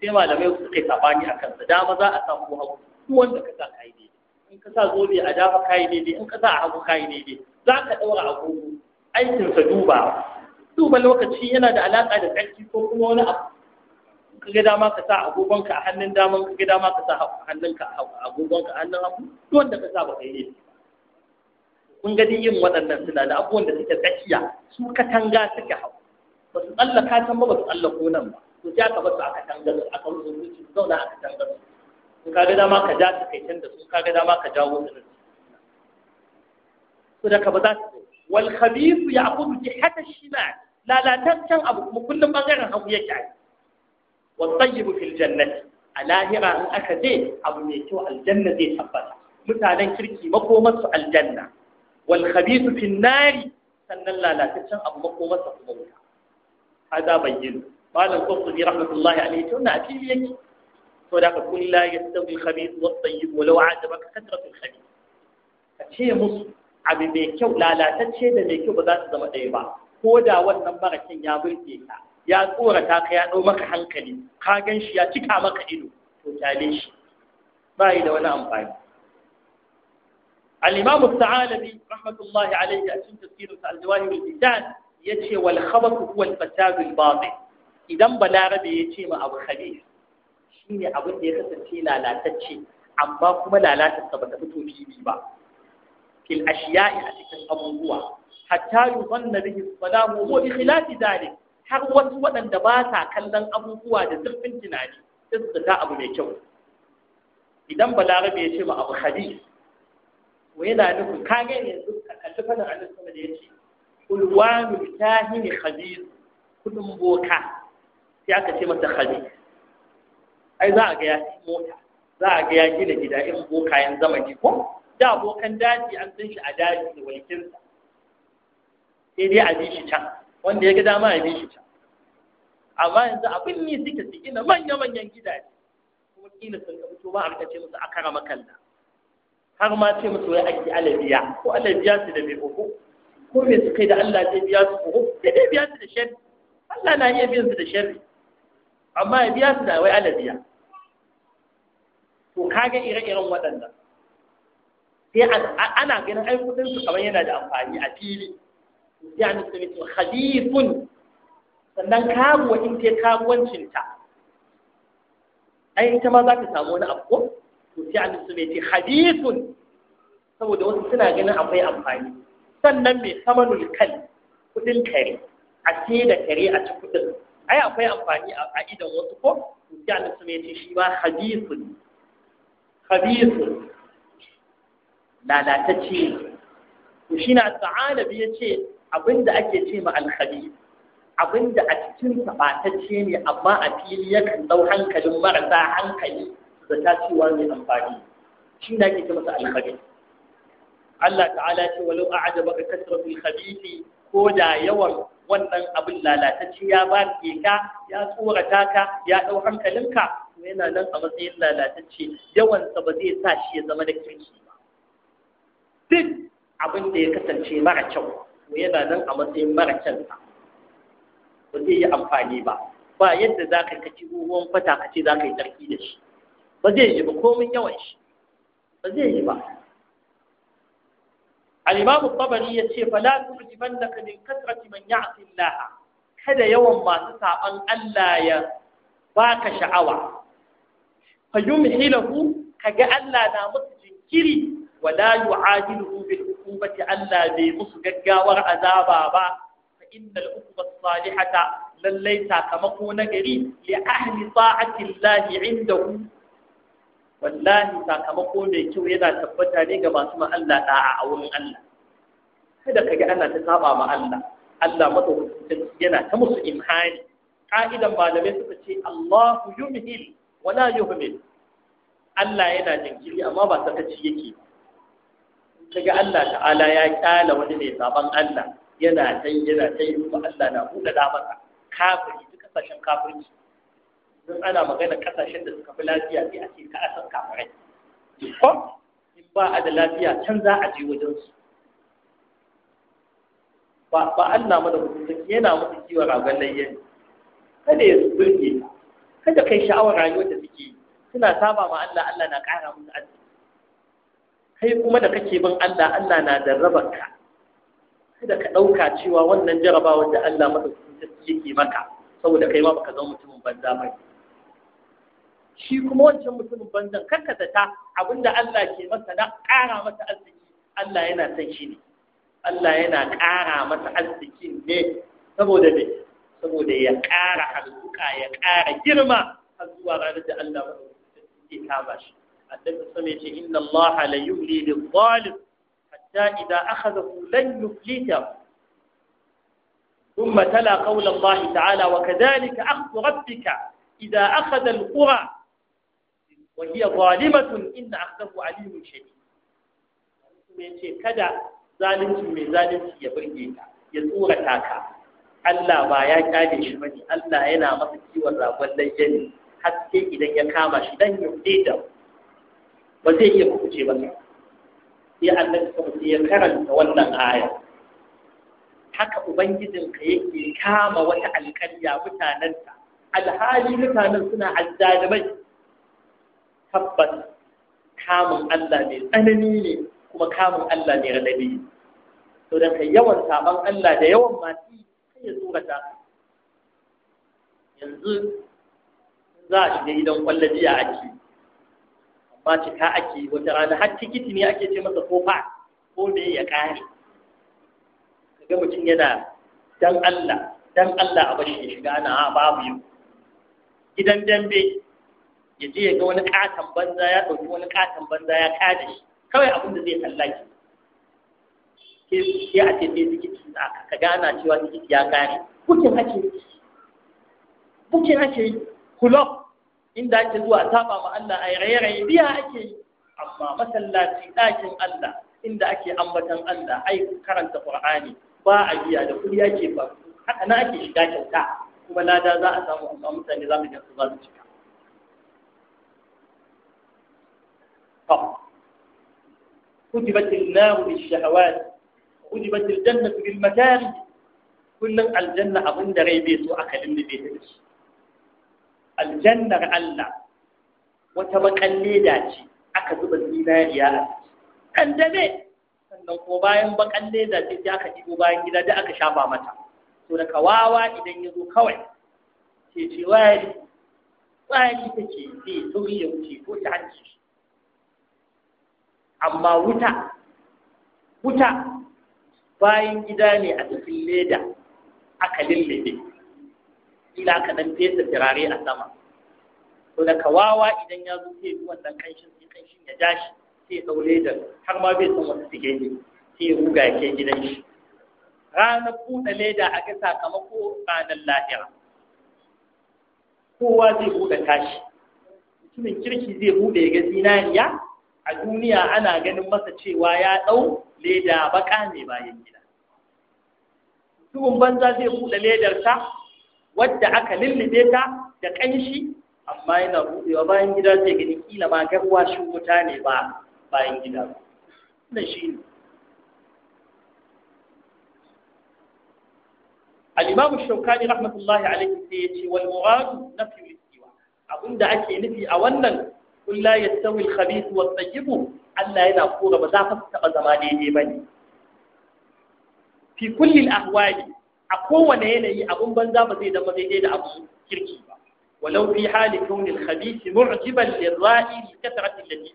sai malamai su yi saɓani a kansa dama za a samu hagu duk wanda ka sa kayi daidai in ka sa zobe a dama kayi daidai in ka sa a hagu kayi daidai za ka ɗaura agogo aikinsa duba duba lokaci yana da alaƙa da tsarki ko kuma wani abu ka ga dama ka sa agogonka a hannun dama ka ga dama ka sa hannunka a agogonka a hannun hagu duk wanda ka sa ba kai daidai kun gani yin waɗannan suna da abubuwan da suke tsakiya su katanga suke hau ba su tsallaka can ba ba su tsallako nan ba to sai aka basu a katanga su aka rufe zuci su zauna a katanga su in ka ga dama ka ja su kai can da su ka ga dama ka jawo su to da ka ba za su wal khabithu ya'khudhu jihata shimal lalataccen abu kuma kullum bangaren hagu yake ai wa tayyibu fil jannati a lahira in aka je abu mai kyau aljanna zai tabbata mutanen kirki su aljanna wal khabithu sannan lalataccen abu makomarsa kuma wuta hada bayyin malam qurtubi rahmatullahi alayhi to na fili yake to da ka kun la yastawi al khabith yi tayyib wa da ajabaka kathratu al khabith ka ce musu abu mai kyau lalatacce da mai kyau ba za su zama ɗaya ba ko da wannan barakin ya burge ka ya tsorata ka ya ɗau maka hankali ka gan shi ya cika maka ido to kyale shi ba yi da wani amfani الإمام الثعالبي رحمة الله عليه أشم تفسير الجواهر البتان يتشي والخبث هو الفساد الباطن إذا ya ce ma أبو خبيث shine abin da ya kasance lalatacce amma kuma lalatarsa ba ta fito fili ba fil ashiya'i a cikin abubuwa hatta yuzanna bihi salamu wa bi khilafi dalik har wasu waɗanda ba sa kallon abubuwa da zurfin tunani sai su abu mai kyau idan balarabe ya ce ma abu hadis wa yana nufin ka ne yanzu a kalli fadin Allah sama da yace ulwanu tahimi khabir kudin boka sai aka ce masa khabir ai za a ga ya mota za a ga ya gina gida in bokayen zamani ko da abokan daji an san shi a daji da walkinsa sai dai a bi shi can wanda ya ga dama a bi shi can amma yanzu abin ne suke su gina manya-manyan gidaje kuma kila sun ga fito ba a ce musu a kara makalla har ma ce musu wai ake alabiya ko alabiya su da mai uku ko me su kai da Allah zai biya su uku sai dai biya su da shari Allah na iya biyan su da shari amma ya biya su da wai alabiya to kaga ire-iren waɗannan sai ana ganin ai kudin su kamar yana da amfani a fili ya ni su ce khalifun sannan kabuwa in ta kabuwancinta ai ita ma za ta samu wani abu to sai an su mai ce hadithun saboda wasu suna ganin akwai amfani sannan mai samanul kan kudin kare a ce da kare a ci kudin ai akwai amfani a idan wasu ko to sai an su mai ce shi ma hadithun hadithun lalatacce to shi na sa'alabi ya ce abinda ake ce ma alhabib abinda a cikin ce ne amma a fili yakan dau hankalin marasa hankali zata cewa mai amfani shi na ake masa alkhabith Allah ta'ala ce walau kasar kasratul khabith ko da yawan wannan abin lalatacci ya ba ka ya tsorata ka ya dau hankalinka yana nan a matsayin lalatacce yawansa ba zai sa shi ya zama da kirki ba duk abin da ya kasance mara kyau yana nan a matsayin mara kyansa ba zai yi amfani ba ba yadda za ka kaci ruwan fata ka ce za ka yi tarki da shi ba zai yi ba komin yawan shi ba zai yi ba al-imam at-tabari yace fala tujibannaka min kasrati man ya'ti Allah kada yawan masu saban Allah ya baka sha'awa fa yumhilahu kaga Allah na musu jinkiri wala yu'ajiluhu bil uqubati Allah bai musu gaggawar azaba ba fa innal uqubata salihata lallai sakamako na gari li ahli ta'ati Allah indahu wallahi sakamako mai kyau yana tabbata ne ga masu ma'alla a wurin Allah kada ka ga ana ta saba ma Allah Allah madaukakin yana ta musu imhani ka'idan malamai suka ce Allahu yumhil wala yuhmil Allah yana jinkiri amma ba sakaci yake kaga Allah ta'ala ya kyala wani mai saban Allah yana tai yana tai ba Allah na buɗe da masa kafiri duk kasashen kafirci don ana magana kasashen da suka fi lafiya ne a cikin kasar kafirai ko in ba a da lafiya can za a je wajen su ba ba Allah mana mutum yana musu kiwa ragon layyan kada ya burge ka kada kai sha'awar rayuwar da suke suna saba ma Allah Allah na ƙara musu arziki kai kuma da kake bin Allah Allah na jarrabar ka kada ka ɗauka cewa wannan jarabawar da Allah madaukakin sarki yake maka saboda kai ma baka zama mutumin banza ba shi kuma wancan mutumin banzan karkata ta abinda Allah ke masa na ƙara masa arziki Allah yana son shi ne Allah yana ƙara masa arzikin ne saboda me saboda ya ƙara harzuka ya ƙara girma har zuwa ranar da Allah ke kama shi annabi sama ya ce inna Allah la yumli lil zalim hatta idza akhadahu lan yuflitahu ثم تلا قول الله تعالى وكذلك أخذ ربك إذا أخذ القرى wa hiya zalimatun inna akhdahu alimun shadid me ce kada zalunci mai zalunci ya burge ka ya tsorata taka. Allah baya ya kyale shi bane Allah yana masa kiwon ragon layyani haske idan ya kama shi dan ya da ba zai iya kuce ba sai Allah ya karanta wannan aya haka Ubangijinka yake kama wata alƙarya mutanenta, alhali mutanen suna azzalimai tabbas kamun Allah mai tsanani ne kuma kamun Allah mai raɗaɗi Sau to da kai yawan sabon Allah da yawan masu kai ya tsorata yanzu za a shiga idan kwallon jiya ake amma cika ake wata rana har tikiti ne ake ce masa ko fa ko da ya kare kaga mutum yana dan Allah dan Allah a bashi shiga ana ah, babu yau gidan dambe ya je ya ga wani katon banza ya ɗauki wani katon banza ya kada shi kawai abin da zai kalla ke sai a ce sai tikiti ka gana cewa tikiti ya gane. bukin ake bukin ake kulob inda ake zuwa a saba ma Allah a raye-raye biya ake amma masallaci ɗakin Allah inda ake ambatan Allah ai karanta Qur'ani ba a biya da kuɗi ake ba haka na ake shiga kyauta kuma lada za a samu amma mutane za mu ga su ba su cika كتبت النار بالشهوات كتبت الجنة بالمكاره kullum aljanna abin da rai bai aka lullube ta shi aljannar Allah wata bakan leda ce aka zuba zinariya a kan dame sannan ko bayan bakan leda ce sai aka ɗigo bayan gida da aka shafa mata to da kawawa idan ya zo kawai ce take sauri ya wuce ko ta amma wuta wuta bayan gida ne a cikin leda aka lullube ila ka dan fesa turare a sama to da kawawa idan ya zo sai yi wannan kanshin sai kanshin ya ja shi sai dau ledar har ma bai san wata sige ne sai ya ruga ke gidan shi ranar buɗe leda a ga sakamako ranar lahira kowa zai buɗe tashi mutumin kirki zai buɗe ya ga zinariya a duniya ana ganin masa cewa ya ɗau leda baka ne bayan gida Tuhun banza zai buɗe ledarsa wadda aka lullube ta da ƙanshi amma yana buɗewa bayan gida zai gani kila ma garwa shi wuta ne ba bayan gida Na shi ne al shaukani rahmatullahi alaihi sai ya ce wal muradu nafyu istiwa abinda ake nufi a wannan kun la yastawi al wa Allah yana kora ba za ka taba zama daidai ne? fi kulli al a kowane yanayi abun banza ba zai zama daidai da abu kirki ba walau fi hali kauni al-khabith mu'jiban lir-ra'i li kathrati allati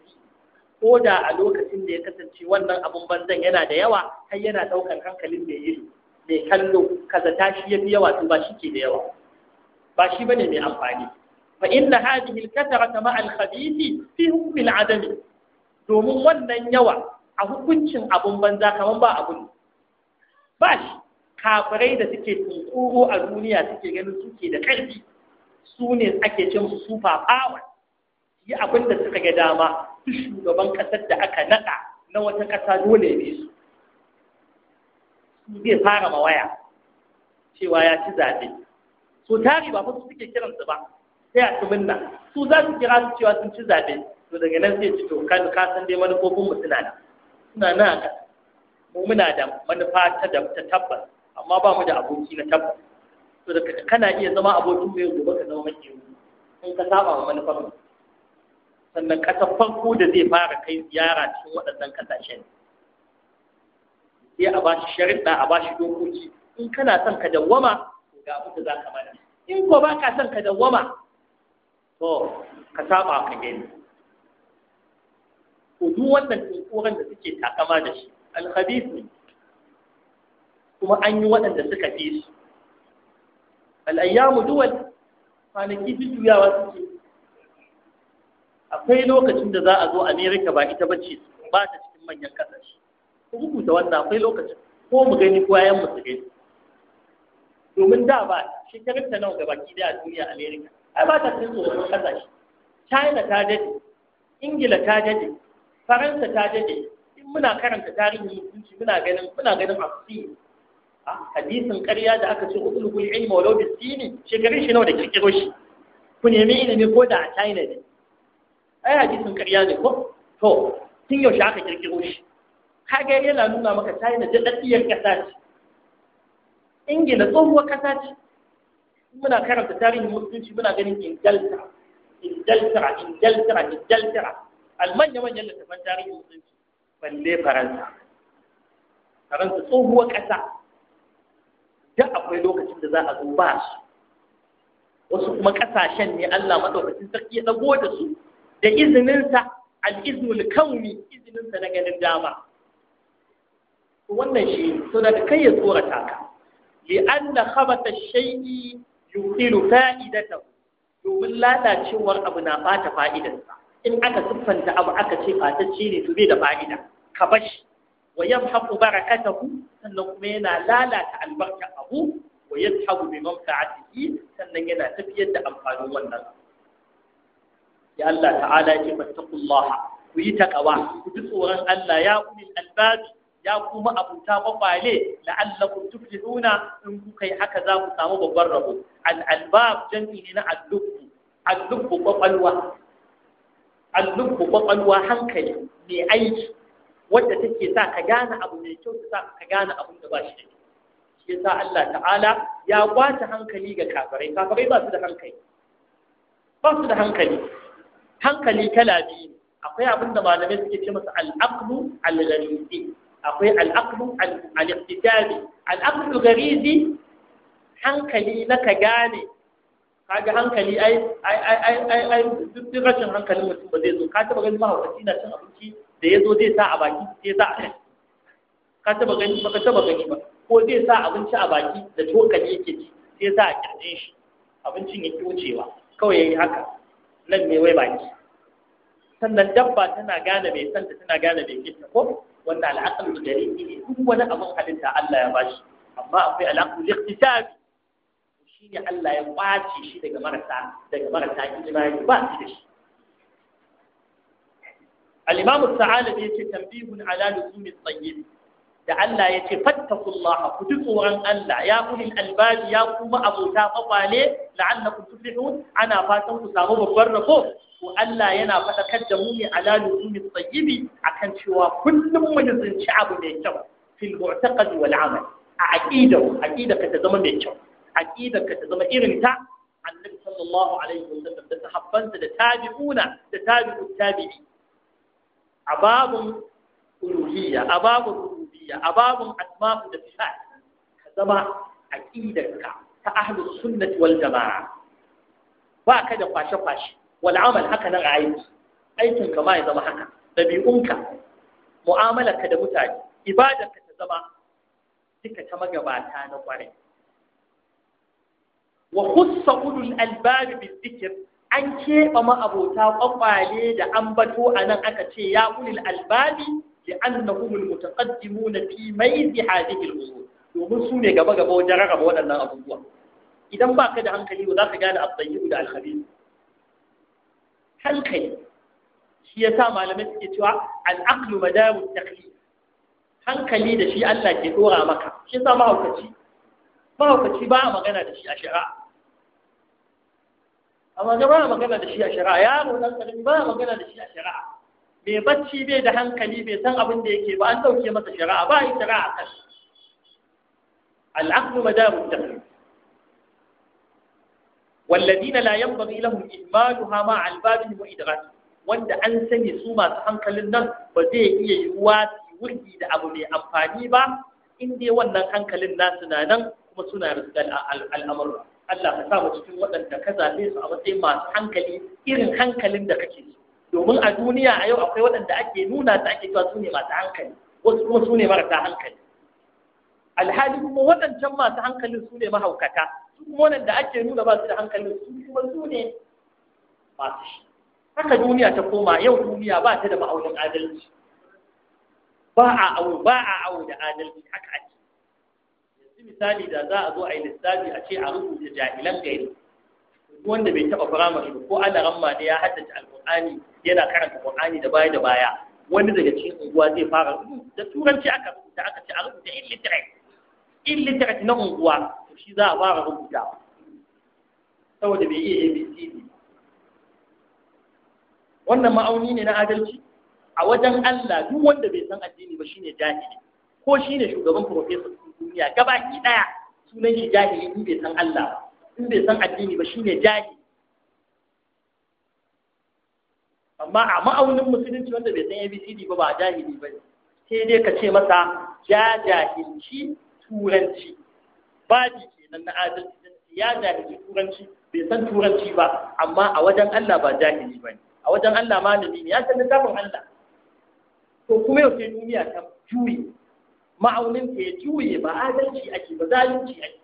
ko da a lokacin da ya kasance wannan abun banzan yana da yawa Kai yana ɗaukar hankalin mai yi mai kallo kaza tashi yafi yawa to ba shi ke da yawa ba shi bane mai amfani فإن هذه الكثرة مع الخبيث في حكم العدم domin wannan yawa a hukuncin abun banza kaman ba abun ne. kafirai da suke tsoro a duniya suke ganin suke da karfi su ne ake cin su super power yi abin da suka ga dama su shugaban ƙasar da aka naɗa na wata kasa dole ne su zai fara mawaya cewa ya ci zaɓe so tari ba fa suke kiransu ba sai a tumin nan su za su kira su cewa sun ci zaɓe to daga nan sai ci to ka san dai manufofin mu suna nan suna nan a mu muna da manufa ta da ta tabbas amma ba mu da aboki na tabbas to daga kana iya zama abokin mai gobe ka zama mai in ka saba wa manufar mu sannan ƙasar farko da zai fara kai ziyara cikin waɗannan kasashen. sai a ba shi sharuɗa a ba shi dokoki in kana son ka dawwama ga abin da za ka mana in ko ba ka son ka dawwama to ka saba ka gani ko duk wannan tsoron da suke takama da shi alhadis ne kuma an yi waɗanda suka fi su al'ayyamu duwal kwanaki juyawa suke akwai lokacin da za a zo amerika ba ita bace ba ta cikin manyan ƙasashe buku rubuta wannan akwai lokacin ko mu gani ko ayan mu su gani domin da ba shekarun ta nawa gabaki da a duniya amerika ai ba ta cikin tsoron kasashe china ta dade ingila ta dade faransa ta dade in muna karanta tarihi mutunci muna ganin muna ganin asiri ah, hadisin ƙarya da aka ce ulul ilmi walau bisini shekarun shi nawa da kirkiro shi ku nemi ilimi ko da a china ne ai hadisin ƙarya ne ko to tun yaushe aka kirkiro shi kaga yana nuna maka china da daddiyar ƙasa ce ingila tsohuwar ƙasa ce muna karanta tarihin musulunci muna ganin injaltara injaltara injaltara injaltara almanya manyan littafan tarihin musulunci balle faransa faransa tsohuwar ƙasa da akwai lokacin da za a zo ba su wasu kuma ƙasashen ne Allah maɗaukacin sarki ya ɗago da su da izininsa al'iznul kauni izininsa na ganin dama wannan shi so da kai ya tsorata ka anna khabata shay'i yuqilu fa'idatahu domin lalacewar abu na bata fa'idarsa in aka siffanta abu aka ce fatacce ne to bai da fa'ida ka bashi wa yamhaqu barakatahu sannan kuma yana lalata albarkar abu wa yadhabu bi manfa'atihi sannan yana tafiyar da amfanin wannan ya Allah ta'ala ya ce fattaqullaha ku yi takawa ku tsoron Allah ya ulil albab ya kuma abuta kwakwale la'allakum tuflihuna in kuka yi haka za ku samu babban rabo al-albab ne na al-lubbu al-lubbu kwakwalwa al kwakwalwa hankali mai aiki wadda take sa ka gane abu mai kyau ta sa ka gane abun da ba shi da shi sa Allah ta'ala ya kwace hankali ga kafirai kafirai ba su da hankali ba su da hankali hankali kala biyu akwai abin da malamai suke ce masa al-aqlu al-ghalizi akwai al'aqlu al-iqtisabi al'aqlu garizi hankali na ka gane kaga hankali ai ai ai ai ai duk rashin hankalin mutum ba zai zo ka taba ganin mahaukaci na cin abinci da ya zo zai sa a baki sai za a kai ka taba gani ba ka taba gani ba ko zai sa abinci a baki da cokali yake ci sai za a kirjin shi abincin yake wucewa kawai yayi haka nan me wai baki sannan dabba tana gane mai santa tana gane mai kinta ko wanda al'aqlu da rini ne duk wani abin halitta Allah ya bashi amma akwai al'aqlu liqtisabi shine Allah ya kwace shi daga marasa daga marasa imani ba shi da shi al-imam as-sa'alabi yace tanbihun ala luzumi at-tayyib da Allah ya ce fattakullaha ku ji tsoron Allah ya kuli albabi ya kuma abota kwakwale la'annakum tuflihun ana fatan ku samu babbar rabo ko Allah yana fadakar da mu ne ala luzumi tsayyibi akan cewa kullum mu nizinci abu mai kyau fil mu'taqad wal amal a aqida aqida ka ta zama mai kyau aqida ka ta zama irin ta annabi sallallahu alaihi wasallam da sahabbansa da tabi'una da tabi'ut tabi'i a babun uluhiyya a babun Da a babun asma'u da sifat ka zama aqidarka ta ahlus sunnati wal jamaa ba ka da kwashe kwashe wal amal haka nan a aiki aikin ka ma ya zama haka dabi'unka mu'amalarka da mutane ibadarka ta zama duka ta magabata na kwarai wa khussa ulul albab bizikr an keɓe ma'abota ƙwaƙwale da ambato bato anan aka ce ya ulil albabi لأنهم المتقدمون في ميز هذه الأصول domin su ne gaba gaba wajen waɗannan abubuwa idan ba ka da hankali ba za ka gane abdayyu da alkhabiru hankali shi ya sa malamai suke cewa al'aqlu madaru taklif hankali da shi Allah ke dora maka shi yasa mahaukaci ba a magana da shi a shari'a a magana da shi a shari'a yaro dan karami ba bai bacci bai da hankali bai san abin da yake ba an dauke masa shari'a ba yi shari'a kan al'aqlu madaru tafi walladina la yanbaghi lahum ihmaluha ma albabihim wa idraki wanda an sani su masu hankalin nan ba zai iya yiwuwa wurgi da abu mai amfani ba in wannan hankalin nasu na nan kuma suna rizgar al'amurra Allah ka sa mu cikin waɗanda ka zaɓe su a matsayin masu hankali irin hankalin da kake so domin a duniya a yau akwai waɗanda ake nuna ta ake cewa su ne masu hankali wasu kuma su ne marasa hankali alhali kuma waɗancan masu hankalin su ne mahaukata su kuma waɗanda ake nuna ba su da hankalin su kuma su ne masu shi haka duniya ta koma yau duniya ba ta da ma'aunin adalci ba a awo ba a awo da adalci haka ake yanzu misali da za a zo a yi lissafi a ce a rubuta jahilan gari wanda bai taɓa firamare ba ko ana ramma ne ya haddace alƙur'ani yana karanta ƙur'ani da baya da baya wani daga cikin unguwa zai fara da turanci aka rubuta aka ce a rubuta illiterate illiterate na unguwa to shi za a fara rubuta. saboda bai iya abcd wannan ma'auni ne na adalci a wajen Allah duk wanda bai san addini ba shine jahili ko shine shugaban professor duniya gabaki daya sunan shi jahili in bai san Allah ba in bai san addini ba shine jahi amma a ma'aunin musulunci wanda bai san abcd ba ba jahili ba ne sai dai ka ce masa ya jahilci turanci ke kenan na adalci ya jahilci turanci bai san turanci ba amma a wajen Allah ba jahili ba ne a wajen Allah ma nabi ne ya san littafin Allah to kuma yau sai duniya ta juye ma'aunin ta ya juye ba adalci ake ba zalunci ake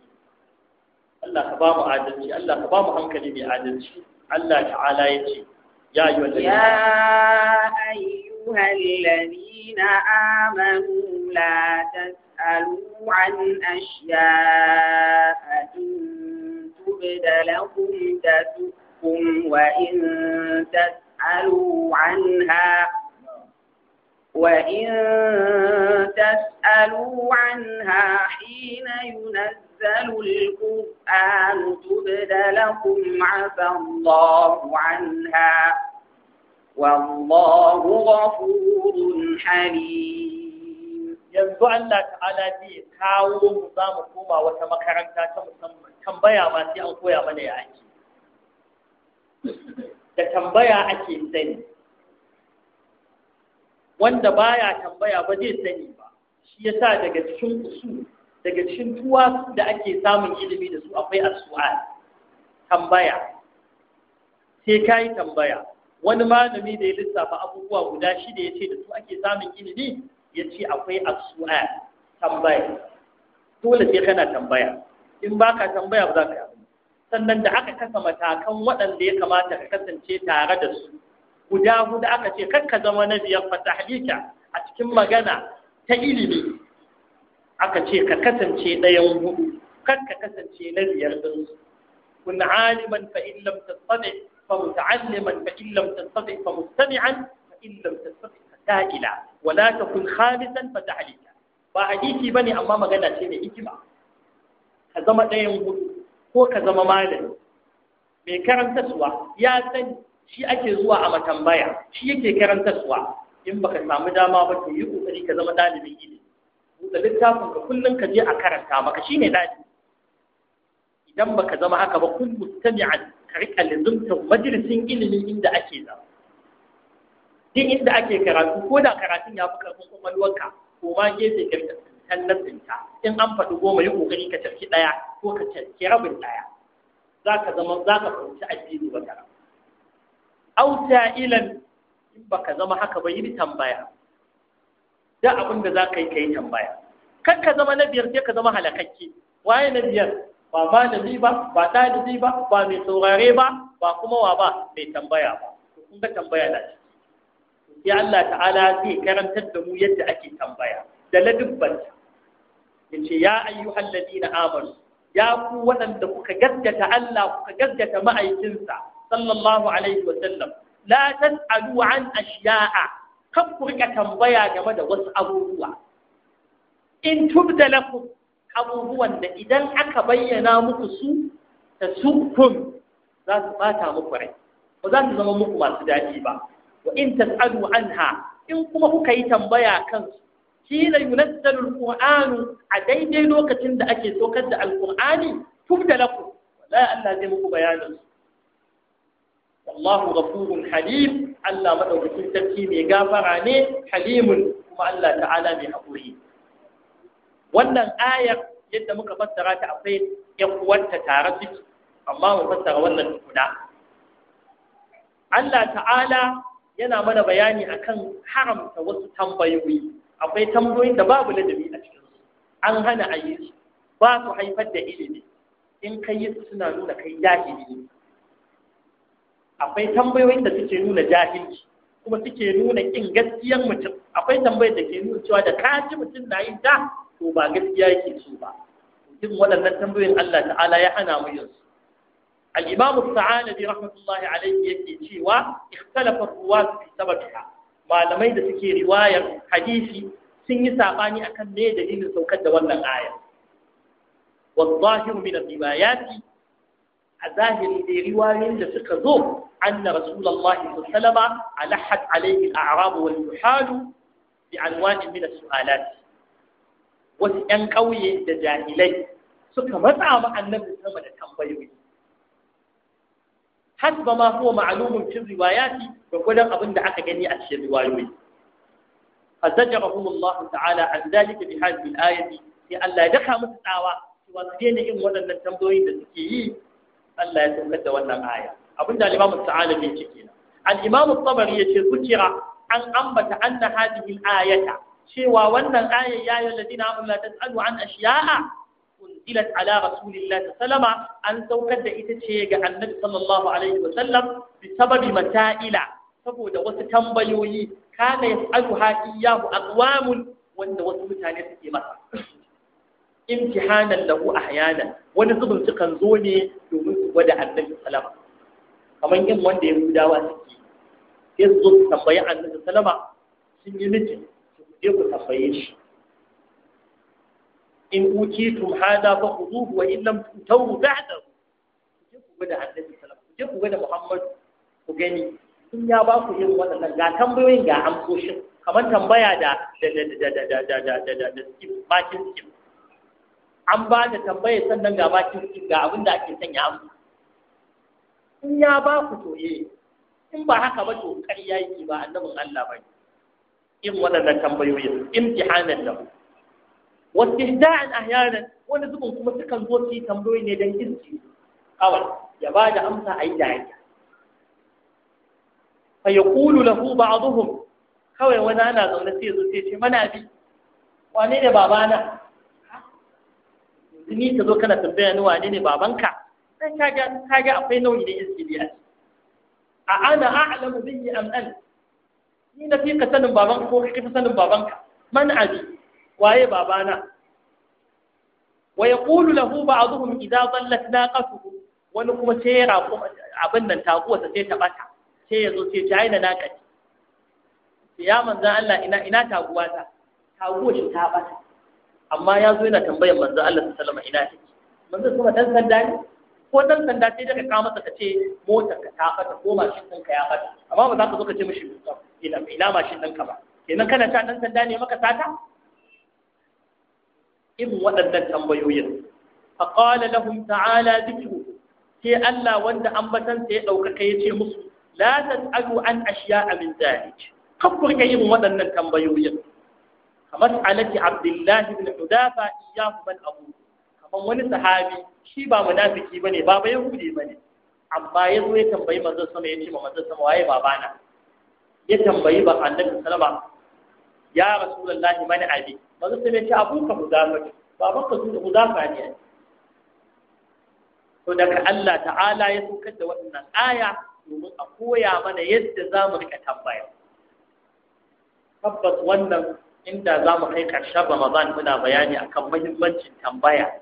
Allah ka ba mu adalci Allah ka ba mu hankali mai adalci Allah ta'ala ya ce ya ayyuhal ladina ya ayyuhal ladina amanu la tas'alu an ashya'a in tubda lakum tasukum wa in tas'alu anha وإن تسألوا عنها حين ينزل القرآن تبد لكم عفى الله عنها والله غفور حليم yanzu Allah ta'ala zai kawo mu za mu koma wata makaranta ta musamman tambaya ma sai an koya mana ya da tambaya ake sani wanda baya tambaya ba zai sani ba shi yasa daga cikin su daga cikin tuwa da ake samun ilimi da su akwai as-su'al tambaya sai kai tambaya wani malami da ya lissafa abubuwa guda shida ya ce da su ake samun ilimi ya ce akwai as-su'al tambaya dole sai kana tambaya in baka tambaya ba za ka yi sannan da aka kasa matakan waɗanda ya kamata ka kasance tare da su guda guda aka ce ka zama na biyar fatahlika a cikin magana ta ilimi aka ce ka kasance ɗayan hudu ka kasance na biyar din kun aliman fa in lam tastabi fa muta'alliman fa in lam tastabi fa mustami'an fa in lam tastabi fa ta'ila wala takun khamisan fa tahlika ba hadisi bane amma magana ce mai hikima ka zama ɗayan hudu ko ka zama malami mai karanta suwa ya sani shi ake zuwa a matambaya shi yake karantarwa in baka samu dama ba to yi kokari ka zama dalibin ilimi buɗe littafin ka kullum ka je a karanta maka shine dalibi idan baka zama haka ba kun mustami'an a karika lizumta majalisin ilimin inda ake zama duk inda ake karatu ko da karatun ya fi karfin kwakwalwarka ko ma gefe ka tallafinta in an faɗi goma yi ƙoƙari ka tarki ɗaya ko ka tarki rabin ɗaya za ka zama za ka fahimci addini wata Auta ilan in baka zama haka ba yi tambaya da abin da ka yi yi tambaya kan ka zama na biyar sai ka zama halakakke waye na biyar ba malami ba ba ɗalibi ba ba mai saurare ba ba kuma wa ba mai tambaya ba kun ga tambaya na ci sai Allah ta'ala zai karantar da mu yadda ake tambaya da ladubbanta yace ya ayyuhal ladina amanu ya ku waɗanda kuka gaskata Allah kuka gaskata ma'aikinsa sallallahu alaihi wasallam la tas'alu an ashiya'a kan ku tambaya game da wasu abubuwa in tubda lakum abubuwan da idan aka bayyana muku su ta sukun za su bata muku rai ba za su zama muku masu daɗi ba wa in tas'alu anha in kuma kuka yi tambaya kansu kila yunazzalu alqur'anu a daidai lokacin da ake saukar da alqur'ani tubda muku bayanin wallahu ghafurun halim Allah madaukakin sarki mai gafara ne halimun kuma Allah ta'ala mai haƙuri wannan ayar yadda muka fassara ta akwai ƴan uwanta tare suke amma mu fassara wannan guda Allah ta'ala yana mana bayani akan haramta wasu tambayoyi akwai tambayoyin da babu ladabi a cikin an hana a yi su ba su haifar da ilimi in kai yi suna nuna kai jahili akwai tambayoyin da suke nuna jahilci kuma suke nuna kin gaskiyar mutum akwai tambayar da ke nuna cewa da ka ji mutum na yin ta to ba gaskiya yake so ba mutum waɗannan tambayoyin Allah ta'ala ya hana mu yin su al-imamu sa'alabi rahmatullahi alayhi yake cewa ikhtalafa ruwat fi sababiha malamai da suke riwayar hadisi sun yi sabani akan me dalilin saukar da wannan aya min al الروايات a zahiri da riwayoyin da suka zo anna rasulullah sallama alahat alaihi al'arab wal yuhalu bi anwanin min as-su'alat wasu 'yan ƙauye da jahilai suka matsa ma annabi sama da tambayoyi hasba ma huwa ma'lumun fi riwayati da gudan abin da aka gani a cikin riwayoyi فزجرهم الله تعالى عن ذلك بهذه daka في tsawa لا يدخل مستعوى waɗannan إن da suke yi Allah ya saukar da wannan aya abin da al-Imam Sa'alabi yake kenan al-Imam Tabari yace zukira an ambata anna hadhihi al-ayata cewa wannan ayar ya yi ladina amur la tas'alu an ashiya'a unzilat ala rasulillah sallama an saukar da ita ce ga annabi sallallahu alaihi wa sallam bi sababi mata'ila saboda wasu tambayoyi kana yas'alu ha iyyahu aqwamun wanda wasu mutane suke masa imtihanan lahu ahyana wani zubin kan zo ne domin su gwada annabi salama kamar yin wanda ya gudawa suke sai su zo su tambayi annabi salama sun yi mijin su je ku tambaye shi in utitum hada fa khuduhu wa in lam tutawu ba'dahu je ku gwada annabi salama je ku gwada Muhammadu, ku gani sun ya ba ku yin waɗannan ga tambayoyin ga amsoshin kamar tambaya da da da da da da da da da da da da da da da da ga da da da da da ake da da in ya ba ku to eh in ba haka ba to kai yaki ba annabin Allah ba in waɗannan tambayoyin imtihanan wa واستهزاء ahyana wani zubin kuma sukan zo su tambayoyi ne don kirki kawai ya ba da amsa ayi da dariya fa yaqulu kulu lahu ba'dhum kawai wani ana zaune sai zo sai ce mana bi wane ne babana ni ka zo kana tambaya ni wane ne babanka sai kaga kaga akwai nauyi da izgili a a ana a'lamu bihi am an ni na fi ka sanin baban ko kai fi sanin babanka man abi waye babana wa yaqulu lahu ba'dhum idza dallat naqatuhu wani kuma sai ya raƙo abin nan taguwarsa sai ta bata sai ya zo sai ta aina naƙati ya manzan Allah ina ina taguwa ta taguwa shi ta bata amma ya zo yana tambayar manzan Allah sallallahu alaihi wasallam ina take manzan kuma dan sanda ne ko dan sanda sai daga kawo masa kace motar ka ta fata ko mashin ɗinka ya fata amma ba za ka zo ka ce mishi ina ina mashin ɗinka ba kenan kana ta dan sanda ne maka sata irin waɗannan tambayoyin faqala lahum ta'ala dhikru sai Allah wanda ambatan sai ya dauka ya ce musu la tas'alu an ashiya'a min zalik kafur ga irin waɗannan tambayoyin kamar alati abdullahi ibn hudafa iyyahu man abu an wani sahabi shi ba munafiki bane ba ba yahudi bane amma ya zo ya tambayi manzo sama ya ce ma manzo sama waye babana ya tambayi ba annabi sallama ya rasulullahi man abi manzo sama ya ce abuka hudafa babanka su hudafa ne to daga Allah ta'ala ya saukar da wannan aya domin a koya mana yadda za mu rika tambaya tabbas wannan inda za mu kai ƙarshen ramadan muna bayani akan muhimmancin tambaya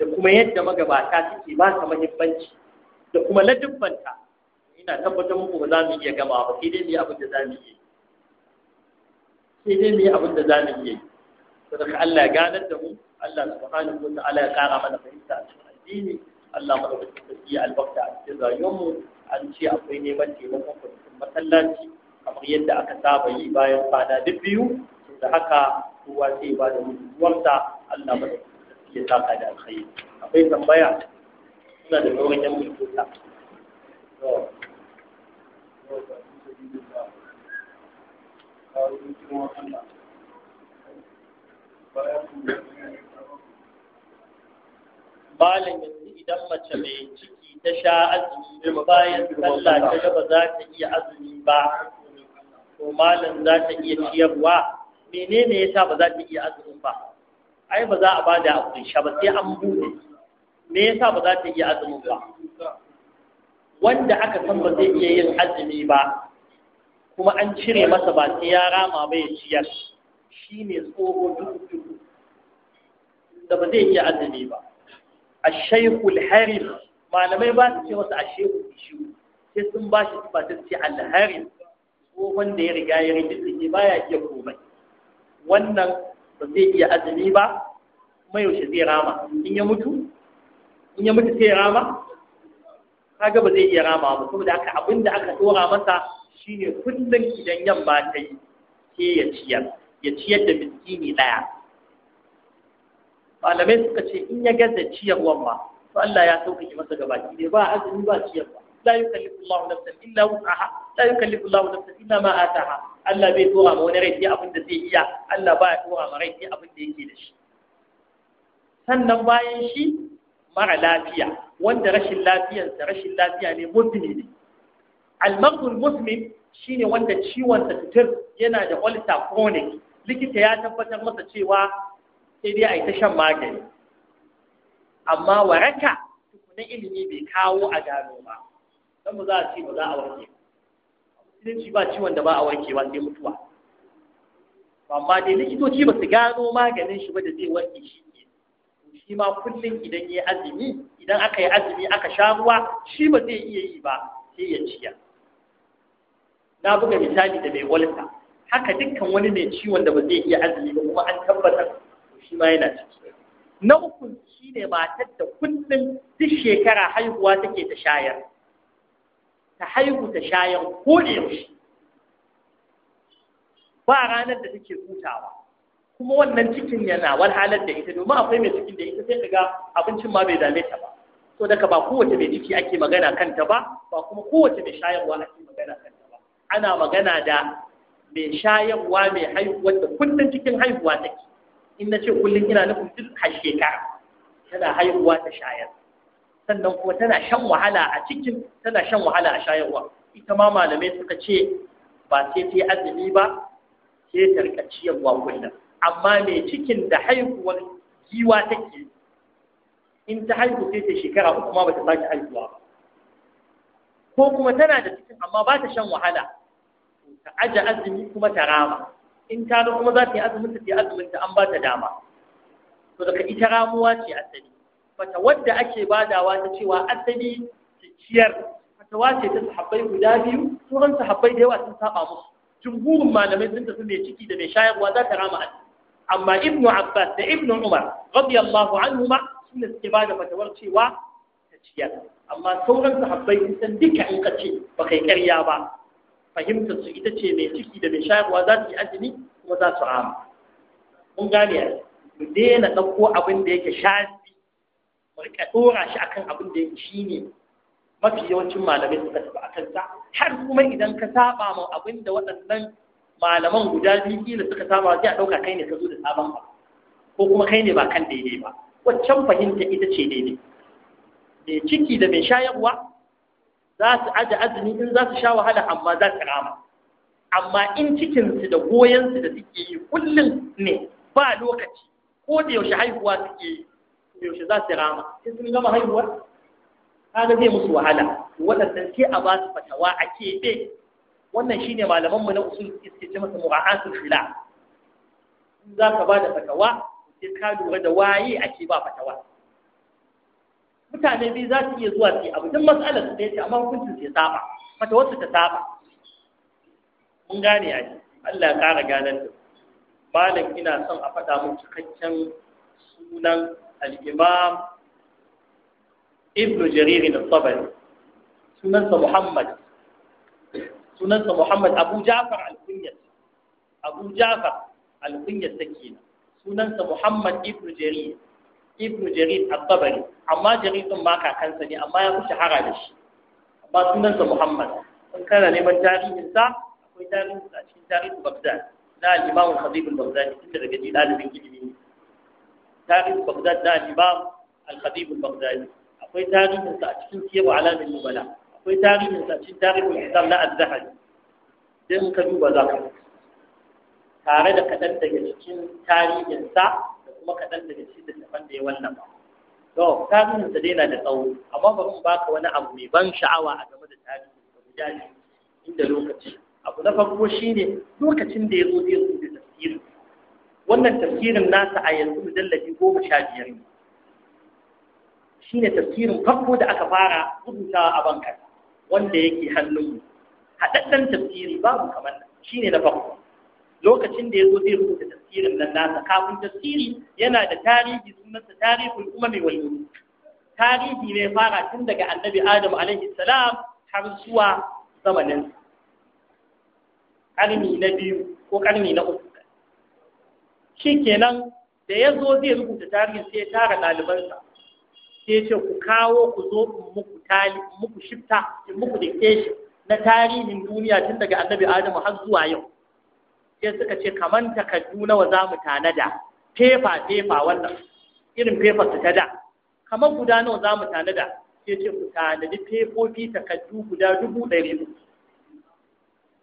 da kuma yadda magabata suke ba ta mahimmanci da kuma ladubbanta ina tabbatar muku ba za mu iya gama ba sai dai mu yi abin da za mu yi sai dai mu yi abin da za mu yi saboda Allah ya ganar da mu Allah subhanahu wa ta'ala ya kara mana fahimta a cikin addini Allah madaukakin sarki ya albarka a cikin rayuwarmu an ce akwai neman taimakon kwamitin masallaci kamar yadda aka saba yi bayan kwana duk biyu da haka kowa sai ba da mutuwarsa Allah madaukakin ya saka da alkhairi akwai tambaya suna da sauran yan mutuka Malam yanzu idan mace mai ciki ta sha azumi bayan sallah ta gaba za ta iya azumi ba, to malam za ta iya ciyarwa menene ya sa ba za ta iya azumin ba? ai ba za a ba da abin sha ba sai an bude me yasa ba za ta iya azumin ba wanda aka san ba zai iya yin azumi ba kuma an cire masa ba sai ya rama ba ya ciyar shi ne tsoho duk da ba zai iya azumi ba a shaikul harif malamai ba su ce masa a shaikul ishu sai sun ba shi ba ta ce alharif tsohon da ya riga ya rage tsaki ba ya iya komai wannan ba zai iya azumi ba kuma yaushe zai rama in ya mutu in ya mutu sai rama kaga ba zai iya rama ba saboda aka abin da aka dora masa shine kullum idan yamma ta yi sai ya ciyar ya ciyar da miskini daya malamai suka ce in ya gaza ciyarwan ba. to Allah ya sauƙaƙe masa gabaki ne ba azumi ba ciyarwa la yukallifu Allahu nafsan illa wus'aha la yukallifu Allahu nafsan illa ma ataha Allah bai tura ma wani rai sai da zai iya Allah baya tura ma rai sai abin da shi sannan bayan shi mara lafiya wanda rashin lafiyarsa rashin lafiya ne mutumi ne al muslim shine wanda ciwon sa fitir yana da ulcer chronic likita ya tabbatar masa cewa sai dai a yi ta shan magani amma waraka tukunan ilimi bai kawo a gano ba dan ba za a ce ba za a warke shi ba ciwon da ba a warke ba sai mutuwa amma dai likitoci ba su gano maganin shi ba da zai warke shi ne. shi ma kullum idan ya yi azumi idan aka yi azumi aka sha ruwa shi ba zai iya yi ba sai ya ciya na buga misali da mai walta haka dukkan wani mai ciwon da ba zai iya azumi ba kuma an tabbatar shi ma yana ciki na uku shi ne matar da kullum duk shekara haihuwa take ta shayar ta haihu ta shayar ko da yaushe ba ranar da take hutawa kuma wannan cikin yana walhalar da ita domin akwai mai cikin da ita sai daga abincin ma bai dame ta ba so daga ba kowace mai ciki ake magana kanta ba ba kuma kowace mai shayarwa ake magana kanta ba ana magana da mai shayarwa mai haihuwar da kullum cikin haihuwa take in na ce kullum ina nufin duk har shekara tana haihuwa ta shayar sannan kuma tana shan wahala a cikin tana shan wahala a shayarwa ita ma malamai suka ce ba sai ta yi azumi ba sai ta rika ciyarwa kullum amma mai cikin da haihuwar giwa take in ta haihu sai ta shekara uku ma bata sake haihuwa ba. ko kuma tana da cikin amma ba ta shan wahala ta aje azumi kuma ta rama in ta kuma za ta yi azumin ta ta yi azumin ta an ba ta dama to daga ita ramuwa ce asali fata wadda ake badawa ta cewa asali cikiyar fatawa ce ta sahabbai guda biyu sauran sahabbai da yawa sun saba musu jumhurin malamai sun tafi mai ciki da mai shayarwa za ta rama azumi amma ibnu abbas da ibnu umar radiyallahu anhuma suna suke bada fatawar cewa ta ciyar amma sauran sahabbai sun san duka in ka ba kai ƙarya ba fahimtar su ita ce mai ciki da mai shayarwa za su yi azumi kuma za su rama mun gane mu daina ɗauko abin da yake shafi ka dora shi akan abin da shi ne mafi yawancin malamai suka tafi akan sa har kuma idan ka saba ma abin da waɗannan malaman guda biyu kila suka saba sai a ɗauka kai ne ka zo da sabon ba ko kuma kai ne ba kan daidai ba waccan fahimta ita ce daidai mai ciki da mai shayarwa za su aje azumi in za su sha wahala amma za su rama amma in cikinsu da goyonsu da suke yi kullum ne ba lokaci ko da yaushe haihuwa suke yi yaushe za su rama sai sun gama haihuwar kaga zai musu wahala waɗannan sai a ba su fatawa a keɓe wannan shine malaman mu na usul suke ce masa mura'atul shila in za ka ba da fatawa sai ka lura da waye ake ba fatawa mutane biyu za su iya zuwa su yi abu duk matsalar su ta ce amma hukuncin sai saba fatawar su ta saba mun gane a ji Allah ya ƙara ganar da malam ina son a faɗa mun cikakken sunan al-imam ibnu jarir al-tabari sunansa muhammad abu ja'far al-kunyat abu ja'far al-kunyat sakina sunansa muhammad ibnu jarir ibnu jarir al-tabari amma jarir din ma kakansa ne amma ya fi shahara da shi amma sunansa muhammad in kana neman tarihin sa akwai tarihin sa cikin tarihin bagdad na al-imam al-khatib al tarihin bagdad na al-imam al-khatib akwai tarihin sa a cikin siyar alamin nubala akwai tarihin sa a cikin tarihin islam na az-zahabi sai ka duba za ka tare da kaɗan daga cikin tarihin sa da kuma kaɗan daga cikin littafan da ya wallafa to tarihin sa dai na da tsawo amma ba mu baka wani abu mai ban sha'awa a game da tarihin sa guda inda lokaci abu na farko shine lokacin da ya zo zai da tafsirin wannan tafsirin nasa a yanzu mujallabi goma sha biyar ne. Shi ne tafsirin farko da aka fara rubutawa a bankar wanda yake hannunmu haɗaɗɗen tafsiri babu kamar nan shi ne na farko lokacin da ya zo zai rubuta tafsirin nan nasa kafin tafsiri yana da tarihi sunansa tarihul umami wal mulk tarihi mai fara tun daga annabi adam alaihi salam har zuwa zamanin Ƙarni na biyu ko ƙarni na uku shi kenan da ya zo zai rubuta tarihin sai ya tara ɗalibansa sai ya ce ku kawo ku zo in muku tali muku shifta in muku dictation na tarihin duniya tun daga annabi adamu har zuwa yau sai suka ce kaman takardu nawa za mu tanada fefa fefa wannan irin fefa su ta da kamar guda nawa za mu tanada sai ce ku tanadi fefofi takardu guda dubu ɗari uku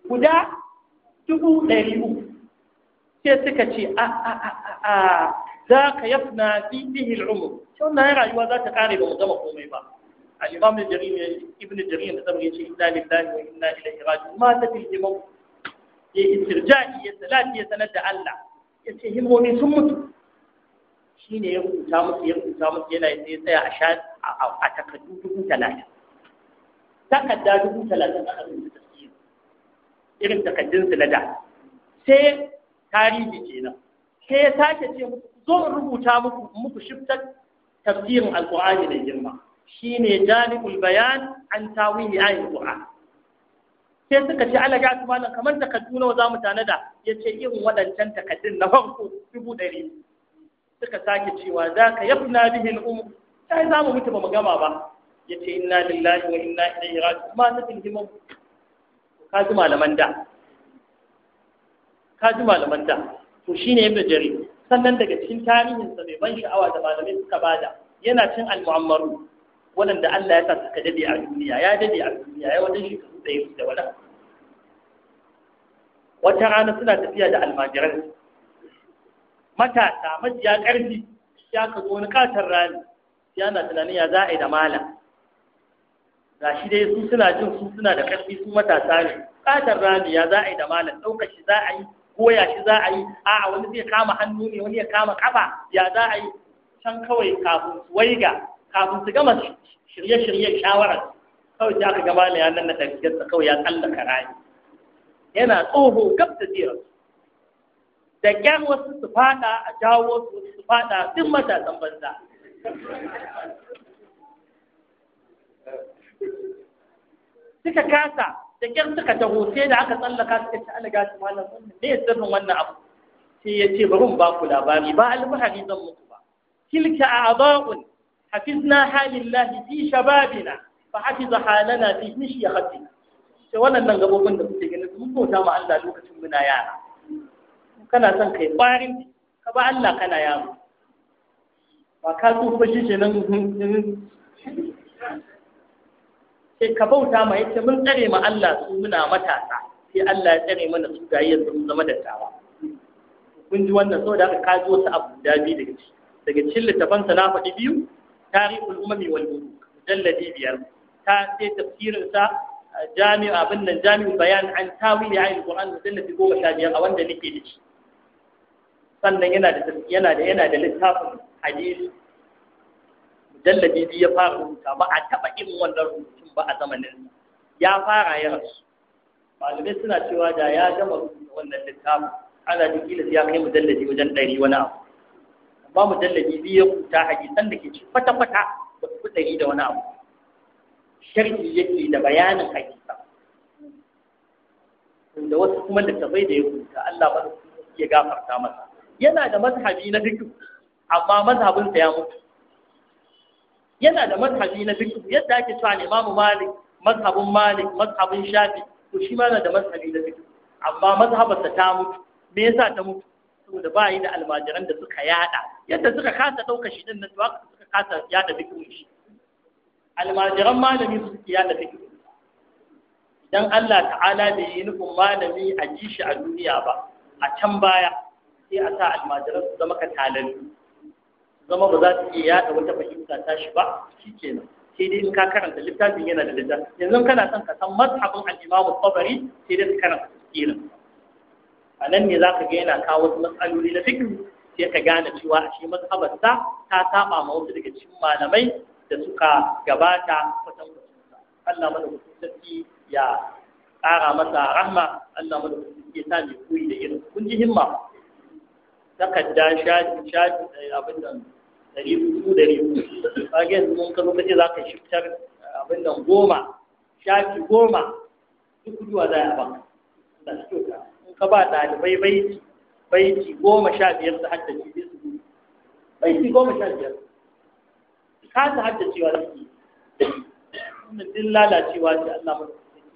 guda dubu ɗari uku sai suka ce a a a za ka yafna fi bihi al'umr shi wannan rayuwa za ta kare ba mu gama komai ba al-imam jarir ibn jarir da sabri ce inna lillahi wa inna ilaihi raji'un ma ta fi himam ya istirja'i ya salati ya sanar da Allah ya ce himomi sun mutu shine ya rubuta musu ya rubuta musu yana ya tsaya a sha a takardu dubu talatin takarda dubu talatin a rubuta tafsiri irin takaddun su na da sai tarihi kenan sai ya sake ce muku zo in rubuta muku muku shiftar tafsirin alqur'ani da girma shine jalibul bayan an tawili ayatul qur'an sai suka ce ala ga malam kamar takaddu nawa za mu tanada yace irin waɗancan takaddun na farko dubu ɗari suka sake cewa za ka yafna bihi al'umr sai za mu mutu ba mu gama ba yace inna lillahi wa inna ilaihi raji'un ma ta tilhimu ji malaman da ka ji malaman da to shine ibn jarir sannan daga cikin tarihin sa mai ban sha'awa da malamai suka bada yana cin al-mu'ammaru wanda Allah ya sa suka dade a duniya ya dade a duniya ya wajen shekaru yake da wani wata rana suna tafiya da almajiran matasa majiya ƙarfi ya ka zo wani katar rani yana tunanin ya za a yi da mala ga shi dai su suna jin su suna da ƙarfi su matasa ne katar rani ya za a yi da malam ɗaukar shi za a yi ya shi za a yi a'a wani zai kama hannu ne wani ya kama kafa ya za a yi can kawai kafin su waiga kafin su gama shirye-shiryen shawarar kawai sai aka gama na yanar na tafiyarsa kawai ya tsallaka rayu yana tsoho gab da zira da kyan wasu su fada a jawo su su fada duk matasan banza suka kasa da kyar suka taho sai da aka tsallaka suka ci alaga su malam wannan me ya wannan abu sai ya ce bari mu ba ku labari ba alfahari zan muku ba tilka a'dha'un hafizna halillahi fi shababina fa hafiza halana fi mishyatina sai wannan nan gabobin da kuke ganin mun bauta ma Allah lokacin muna yara kana son kai kwarin ka ba Allah kana yaro ba ka tsufa shi kenan sai ka bauta ma yace mun tsare ma Allah su muna matasa sai Allah ya tsare mana su ga yanzu mun zama dattawa kun ji wannan saboda aka ka wasu abu da biyu daga ciki daga cikin littafan sa na faɗi biyu tarihul umami wal muluk mujalladi biyar ta sai tafsirin sa jami'u abin nan jami'u bayan an tawili ayil qur'an mujalladi goma sha biyar a wanda nake da shi sannan yana da yana da yana da littafin hadisi mujalladi biyu ya fara rubuta ba a taɓa irin wannan rubutu ba a zamanin ya fara ya rasu malamai suna cewa da ya gama rubuta wannan littafin ana da kila ya kai mujallabi wajen ɗari wani abu amma mujallabi biyu ya kuta hadisan da ke ci fata kwata ba su ɗari da wani abu sharhi yake da bayanin hadisa da wasu kuma tabai da ya kuta Allah ba ya gafarta masa yana da mazhabi na duk amma mazhabinsa ya mutu yana da mazhabi na fiqh yadda ake cewa Imam Malik mazhabun Malik mazhabun Shafi to shi ma yana da mazhabi na fiqh amma mazhabar ta mutu me yasa ta mutu saboda ba yi da almajiran da suka yada yadda suka kasa ɗauka shi ɗin nan to haka suka kasa yada fikirin shi almajiran malami su suke yada fiqh idan Allah ta'ala bai yi nufin malami a ji shi a duniya ba a can baya sai a sa almajiran su zama katalalu zama ba za ta iya yada wata fahimta ta shi ba shi kenan sai dai in ka karanta littafin yana da littafi yanzu kana son ka san mazhabin al-Imam Tabari sai dai ka karanta tafsirin a nan ne za ka ga yana kawo wasu matsaloli na fikir sai ka gane cewa a shi mazhabarsa ta saba ma wasu daga cikin malamai da suka gabata kwatan kwatansa Allah wasu tafi ya ƙara masa rahma Allah madaukakin sarki ya sa mai koyi da irin kun ji himma takadda shaji shaji eh, abin da dari hudu ɗari hudu kage yanzu mun ka lokaci za ka shiftar eh, abin nan goma shafi goma duk duwa za a baka da su kyauta in ka ba ɗalibai baiti baiti goma sha biyar su haddace sai su gudu baiti goma sha biyar ka su haddacewa suke wannan din lalacewa ce Allah mu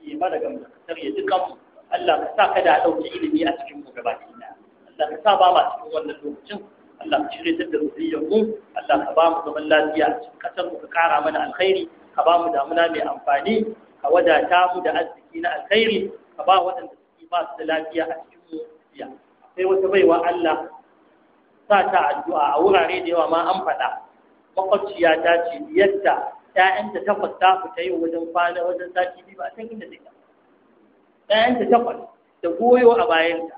yi ba mana gamsar ya ji kanmu Allah ka sa kada a ɗauki ilimi a cikin mu gaba ɗaya Allah ka sa ba ma cikin wannan lokacin Allah ka shirye da zuriyar mu Allah ka ba mu zaman lafiya a cikin kasar mu ka kara mana alkhairi ka ba mu damuna mai amfani ka wadata mu da arziki na alkhairi ka ba waɗanda suke ba su da lafiya a cikin mu lafiya Akwai wata baiwa Allah sa ta addu'a a wurare da yawa ma an faɗa makwabciya ta ce yadda ‘ya'yanta takwas ta fita yau wajen kwana wajen sati biyu ba a san inda take ‘ya'yanta takwas da goyo a bayanta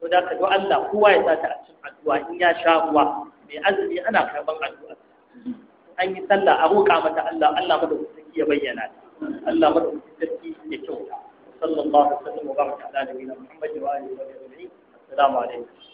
to da ka Allah kowa ya sa ta a cikin addu'a in ya sha ruwa mai azumi ana karban addu'a an yi sallah a roƙa mata Allah Allah da sarki ya bayyana ta Allah madaukakin sarki ya kyauta sallallahu alaihi wa sallam wa baraka ala nabiyina Muhammad wa alihi wa sahbihi assalamu alaikum